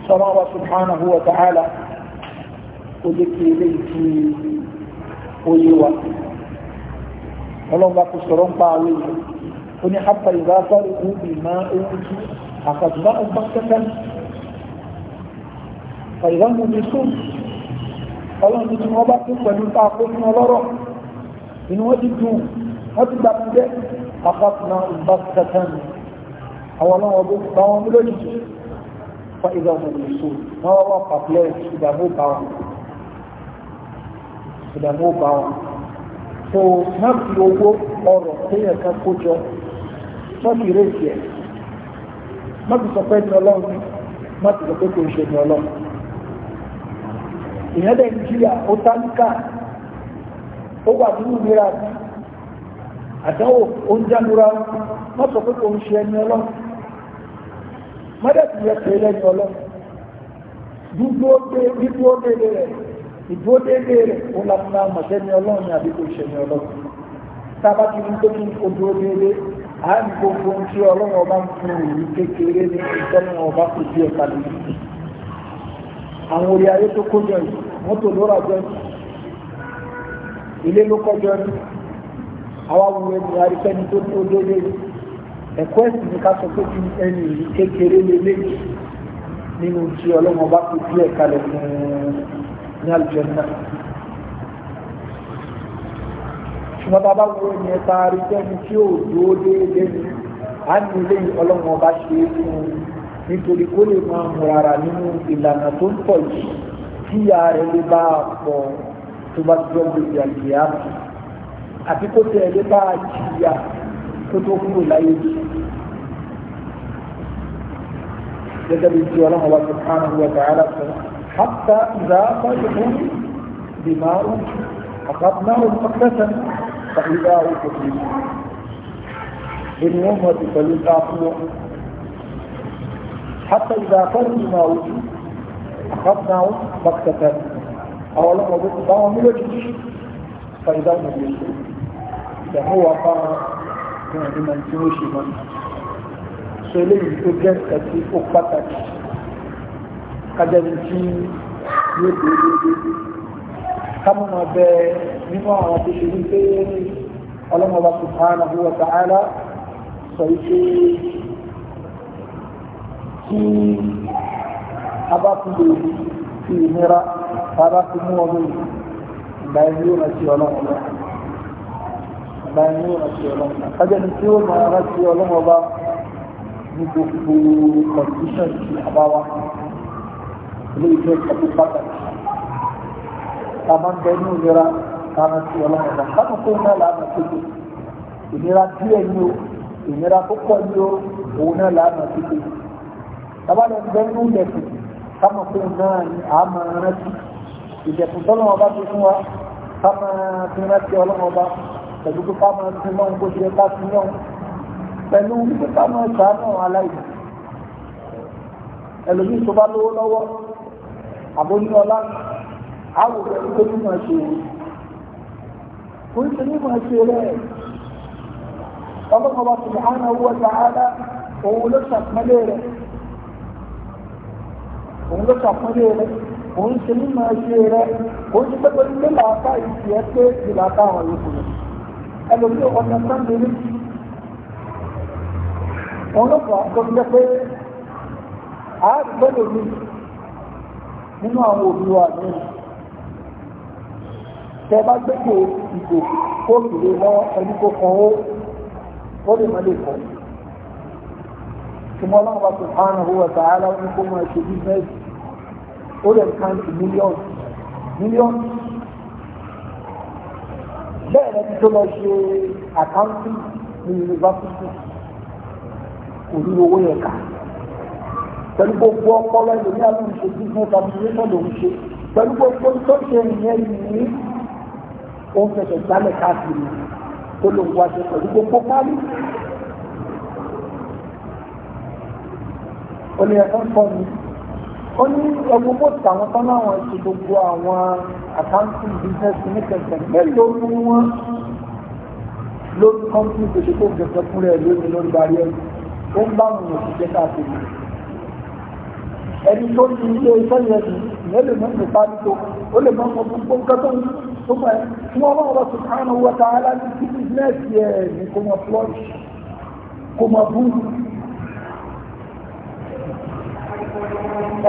sọ́lọ́run bá subhanahu wa ta'ala ó lé kí ilé ìtì oyé wa ọlọ́run bá sọ̀rọ̀ ń pa àwọn èèyàn ó ní hapa ìgbàgbọ́ ìlú ìmọ̀ ohun tí àkàtúbá ń bá kẹ́kẹ́ فإذا هم يسون ọlọ́run ní tí wọ́n bá kú pẹ̀lú tá a kó fún ọlọ́rọ̀ inú wọn ti dùn wọ́n ti gbàgbé jẹ́ afáfúnà ìgbà kẹtàn àwọn ọlọ́run ọdún bá wọn lójijì fa ìgbà ọmọ ìṣó wọn wá pàpẹ́ ìdààmú bá wọn ìdààmú bá wọn so má fi owó ọrọ̀ téèyàn kan kó jọ sọ́ọ̀tì rèéjì ẹ̀ má fi sọ pé ní ọlọ́run má fi sọ pé kò ń ṣe ní ọlọ́run. èèyàn dẹ̀ ń jìyà ó tálíkà ó wà nínú ìlera àdánwò ó ń dánura wọ́n sọ pé kò ń ṣe ẹni ọlọ́run mọ́dẹ̀tì yẹ pé lẹ́ni ọlọ́run dúdúó déédé rẹ̀ ìdúó déédé rẹ̀ ó lásán mọ̀ṣẹ́ ni ọlọ́run ní àbí kò ṣe ni tí ń dúró gbogbo ohun tí ọlọ́run ọba ń fún ìlú kékeré ní ìtọ́nà ọba kò sí àwọn orí ayé tó kójọ yìí mọ́tò ló rà jọ yìí ilé ló kọjọ yìí àwa wo ẹni arípẹ́ni tó tó délé ẹ̀kọ́ ẹ̀sìn ní ká sọ pé kí ẹni yìí kékeré lélẹ̀ nínú tí ọlọ́mọ bá fi bí ẹ̀ka lẹ̀ fún ní àlùjànnà ṣùgbọ́n bàbá wo ẹni ẹ̀ta arípẹ́ni tí ò dúró déédéé ni à ń ọlọ́mọ bá ṣe é fún un nítorí kó lè máa mú rárá nínú ìlànà tó ń pọ̀ yìí tí ìyá rẹ̀ lè bá a pọ̀ tó bá ti jọ gbèsè àgbéyà àti kó tẹ̀ lè bá a jìyà kó tó kúrò láyé jù. gẹ́gẹ́ bí ti ọlọ́run wa subhanahu wa ta'ala sọ hatta ìdá fọ́jọ́ bí máa ń àkàtúnáwó pàtẹ́sẹ̀ fàìdá òkùnkùn ènìyàn mọ̀ sí pẹ̀lú táfúwọ́ حتى إذا قدموا أخذناهم بكتة أو لما بقضاهم الوجه فإذا هم يسرون فهو قام يعني من تنوشي من سليم تجن كتي أخبتك كجنتي يدي كما ما بي مما هو تشريكي ولما الله سبحانه وتعالى سيكي tí a bá fi lè fi ìnira tá a bá fi mú ọdún yìí ìgbà ẹni yóò rántí ọlọ́run ọba ìgbà ẹni yóò rántí ọlọ́run ọba kájọ ni tí ó máa rántí ọlọ́run ọba ní gbogbo kọ̀ǹdíṣọ̀n tí a bá wá ilé ìjọ ìkàtí pàtàkì tá a bá ìnira púpọ̀ ni o òun náà làánà kéde tàbá lọ bẹ́ẹ̀ ní ìdẹ̀kùn kámọ̀ fún náà ni a máa rántí ìdẹ̀kùn tọ́lọ́wọ́ bá ti fún wa ká máa fi rántí ọlọ́wọ́ bá pẹ̀lú pé ká máa fi náà bó ṣe ká fi náà pẹ̀lú pé ká máa ṣàánú aláìní ẹlòmíì tó bá lówó lọ́wọ́ àbóníọ́lá àwòrán tó ní máa ṣe كنت لما سيرين الله سبحانه وتعالى هو لسك مليرة òun ló sàpọ́nlé rẹ òun ṣe mímọ ṣe rẹ òun ti pẹ́pẹ́ ní làákà ìṣe ẹ pé ìlàákà àwọn yòókù rẹ ẹlòmíì ọ̀nà sáńdé ní òun ló fà tó fi jẹ́ pé àádọ́gbẹ́lò mi nínú àwọn òbí wa ní tẹ bá gbẹ́kẹ̀ ìgò kóòtù lé lọ ẹni kó kan ó ó lè má lè kọ́ ṣùgbọ́n ọlọ́run wa sùn hàn án wọ́n tààlà ó ní kó máa ṣe bísíǹsì All lè kan sí mílíọ̀nù mílíọ̀nù bẹ́ẹ̀ lẹ́ni tó lọ ṣe àkáǹtì ní yunifásitì kò ní owó yẹn kà pẹ̀lú gbogbo ọpọlọ ẹlòmíà ló ń ṣe business administration ló ń ṣe pẹ̀lú gbogbo tó ṣe ìyẹn yìí ó ń fẹsẹ̀ gbálẹ̀ káàkiri tó ló wá ṣe pẹ̀lú gbogbo pálí. ó ní ẹ̀fọ́ ń kọ́ mi ó ní ẹgbẹ́ bó ti àwọn tán láwọn ti gbogbo àwọn àkáǹtì bísẹ́sì nípẹ̀sẹ̀ mélòó ni wọ́n lórí kọ́ńtì tòṣe tó gẹ̀gẹ́ fún rẹ̀ lónìí lórí darí ẹ̀ ó ń bá wọn òṣìṣẹ́ káàkiri ẹni tó ní ilé iṣẹ́ yẹn ní ìyẹn lè mọ́tò sáré tó ó lè mọ́ ọmọ gbogbo nǹkan tó ń tó mọ̀ ẹ́ tí wọ́n bá wọ́n subhanahu wa ta'ala ní bísínẹ́sì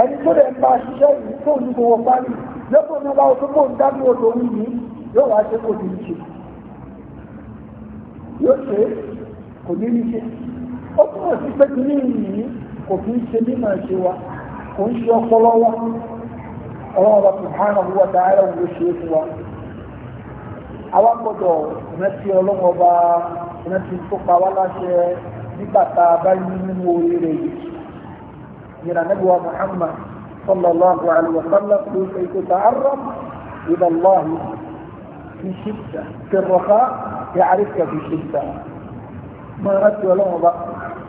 ẹni tó lè ń bá ṣiṣẹ́ yìí tó ní gbogbo parí lọ́pọ̀ ní ọba òfin mò ń dábí odò omi yìí yóò wá ṣe kò ní í ṣe yóò ṣe kò ní í ṣe ó túmọ̀ sí pé kí ní ìyìn kò kí ń ṣe mímọ̀ ṣe wa kò ń ṣe ọpọlọ wa ọlọ́run ọba subhanahu wa ta'ala ló ṣe é fún wa àwa gbọ́dọ̀ rántí ọlọ́run ọba rántí tó pa wá láṣẹ nígbà tá a bá yí nínú orí rẹ̀ yìí من نبوة محمد صلى الله عليه وسلم كيف تتعرف إلى الله في شدة في الرخاء يعرفك في شدة ما رأتي ولا مضى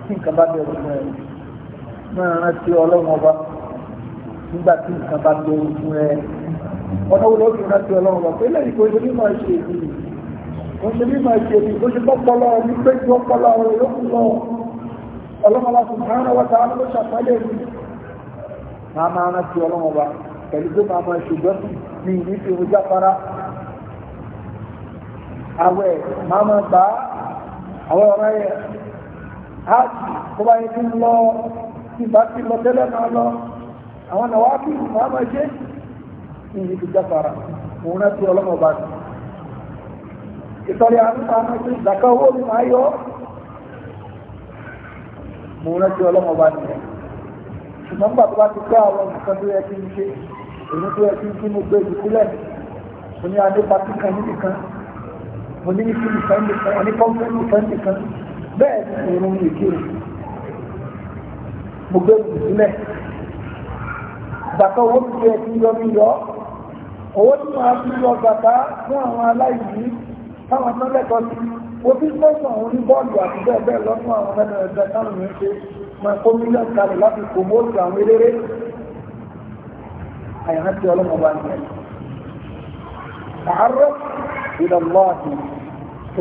كنك بعد يوم ما رأتي ولا مضى nígbà tí nǹkan bá gbé ojú ẹ ọ̀nà wo lọ́sùn láti ọlọ́run wà pé lẹ́yìn kò ṣe bí máa ṣe èdè kò ṣe bí máa ṣe èdè kò ṣe bọ́pọ̀ lọ́wọ́ ní pé kí wọ́n pọ̀ lọ́wọ́ yóò kú lọ́wọ́ ọlọ́mọba subhanahu wa ta'ala ló ṣàpálẹ̀ mi máa máa rán sí ọlọ́mọba pẹ̀lú tó máa máa ṣùgbọ́n mi ní fi ojú afárá àwẹ̀ máa máa gbà á àwọn ọ̀rọ̀ yẹ á tó bá yẹ kí ń lọ tí bá ti lọ tẹ́lẹ̀ máa lọ àwọn ìtọ́lẹ̀ àrùn máa máa ṣe owó mi máa yọ mo rántí ọlọ́mọba nìyẹn ṣùgbọ́n nígbà tó bá ti kọ́ àwọn nǹkan tó yẹ kí n ṣe èmi tó yẹ kí n kí mo gbé jù sílẹ̀ mo ní adé pati kan níbi kan mo ní kí n kan níbi kan mo ní kọ́ńtẹ́ẹ̀lì kan níbi bẹ́ẹ̀ ni èrò mi kí o mo gbé jù sílẹ̀ gbàtọ́ owó tó yẹ kí n yọ mi yọ owó tí màá fi yọ gbàtà fún àwọn aláìní táwọn tó lẹ́kọ̀ọ́ sí ó fi gbọ́sọ̀ àwọn oníbọ́ọ̀lù àti bẹ́ẹ̀ bẹ́ẹ̀ lọ́nà àwọn ẹ̀rọ ẹ̀dá táwọn èèyàn ṣe máa kó mílíọ̀nù kalẹ̀ láti promote àwọn eléré àyànṣe ọlọ́mọba nìyẹn àárọ̀ ìlọ́lọ́ọ̀dì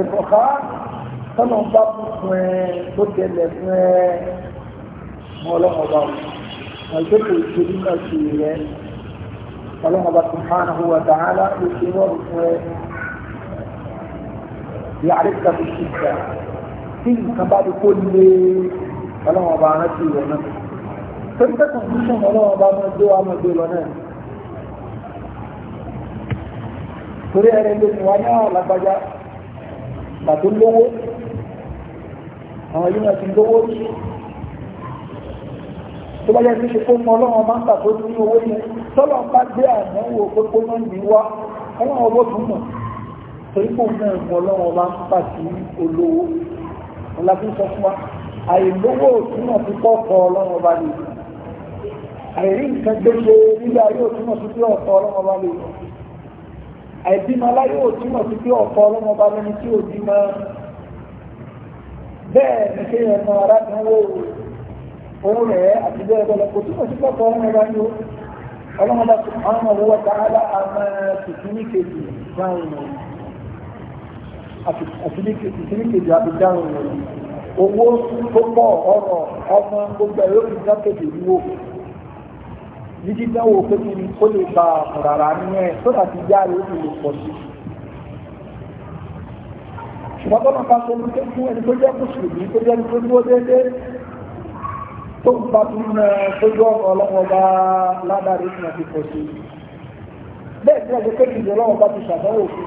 ìfọ̀ká tọ́nà bá fún ẹ tó tẹ̀lẹ̀ fún ẹ mọ́ ọlọ́mọba àgbẹ̀kọ̀ ìṣèlú náà sì rẹ̀ ọlọ́mọba subhanahu wa ta'ala ìṣèlú ọ̀rùn fún ẹ yàrá fi ṣìkà tí nǹkan bá dúpọ̀ lé ọlọ́wọ́n bá rántí rẹ̀ náà torí pé kọ̀ǹtíṣàn ọlọ́wọ́n bá máa gbé wa máa gbé lọ náà torí ẹ̀rẹ́ ló ní wa ní àwọn alágbájá bàtó lówó àwọn yìí náà ti lówó rí tó bá yẹ kí ṣe fún ọlọ́wọ́n máa ń tà tó ní owó yẹn tọ́lọ́ bá gbé àmọ́ wò pé kó náà ní wá ọlọ́wọ́n bó náà torí kò náà mọ ọlọ́wọ́n bá ń pàtí olówó ọlá tó sọ fún wa àìlówó òtúnà ti kọ́kọ́ ọlọ́wọ́n bá lè àìrí nǹkan gbégbé nílé ayé òtúnà ti pé ọ̀kọ́ ọlọ́wọ́n bá lè àìbímọ aláyé òtúnà ti pé ọ̀kọ́ ọlọ́wọ́n bá lẹ́ni tí ò bímọ bẹ́ẹ̀ ni kí ẹ̀mọ arábìnrin òun rẹ̀ àti bẹ́ẹ̀ bẹ́ẹ̀ kò túnmọ̀ sí kọ́kọ́ ọlọ́wọ́n bá ní o ọlọ́wọ́n bá ti àwọn ọmọ owó ta á lá àmọ́ tìtúní kejì báwọn ènìyàn àtìlíkejì àbídáhùn rẹ̀ owó tó pọ̀ ọ̀rọ̀ ọmọ gbogbo ẹ̀rọ ìdákejì wíwò ní dídánwò pé kí ni ó lè ba àmùràrà nínú ẹ̀ tó dàbí yá rẹ̀ ó lè pọ̀ sí. ṣùgbọ́n tó máa bá sọ́nù pé fún ẹni tó jẹ́ mùsùlùmí tó jẹ́ tó dúró déédéé tó ń bá tún ná tójú ọ̀rọ̀ ọlọ́wọ́ bá ládàá rẹ̀ ó ti pọ̀ sí. bẹ́ẹ̀ ni ọjọ́ kéjì ìjọba ti ṣàdánwò fún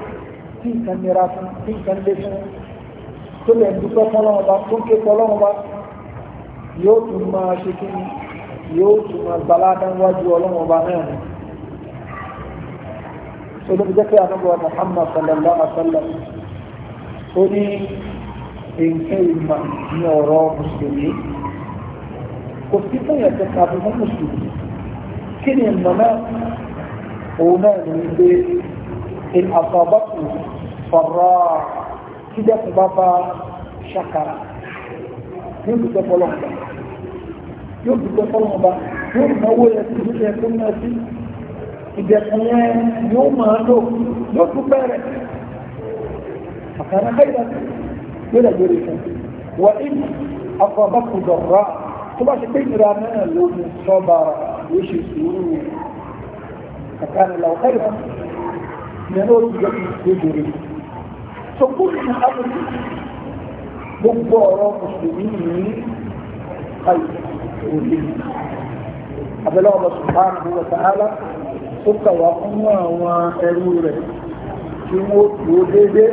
tí nǹkan nira fún tí nǹkan lé fún tó lè dúpẹ́ fọlọ́wọ́n bá tó ń ké fọlọ́wọ́n bá yóò tún máa ṣe kí ni yóò tún máa gbalada wájú ọlọ́wọ́n bá náà ni. olóbi jẹ́ pé àdúgbò Muhammad sallallahu alaihi wa sallam ó ní nǹkan ìmọ̀ ní ọ̀rọ̀ mùsùlùmí kò sí fún ẹ̀sẹ̀ tàbí fún mùsùlùmí kí ni ìmọ̀ náà òun náà ní wípé ìlàfàbàkùn fọ̀rọ̀ kídẹ́kùn bá bá ṣàkàrà yóò dúpẹ́ fọlọ́mọba yóò dúpẹ́ fọlọ́mọba yóò náwó yẹ sí ìdílé tó náà sí ìdẹ̀kùn yẹn yóò máa lò yóò dúpẹ́ rẹ̀ àkàrà káyìlá yóò dàgbé fún wà ní afọ̀bákù dọ̀rọ̀ tó bá ṣe pé ìnira náà ló ń sọ́ba ṣe sùúrù àkàrà làwọn káyìlá yẹn ló ti jẹ́ kí fún sọkúrú ní abúlé gbogbo ọ̀rọ̀ mùsùlùmí ní àìsí abẹ́lẹ́ ọmọ subhanahu wa ta'ala ó kàwá fún àwọn ẹrú rẹ̀ tí wọ́n tù ó dédé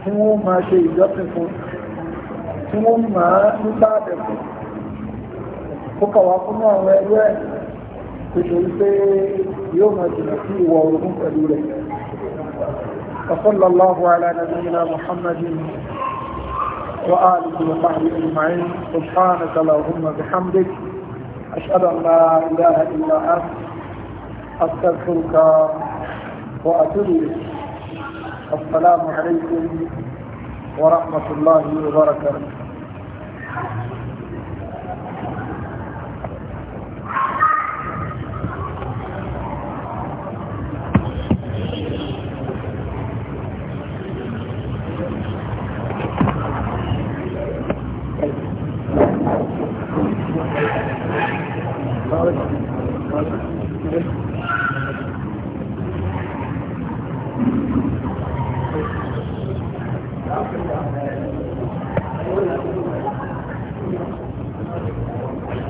tí wọ́n máa ṣe ìjọsìn fún tí wọ́n máa ń bá bẹ̀ fún ó kàwá fún àwọn ẹrú ẹ̀ tó ṣe wípé yóò máa jìnà sí ìwọ̀ ogun pẹ̀lú rẹ̀ وصلى الله على نبينا محمد وآله وصحبه أجمعين سبحانك اللهم بحمدك أشهد أن لا إله إلا أنت أستغفرك وأتوب إليك السلام عليكم ورحمة الله وبركاته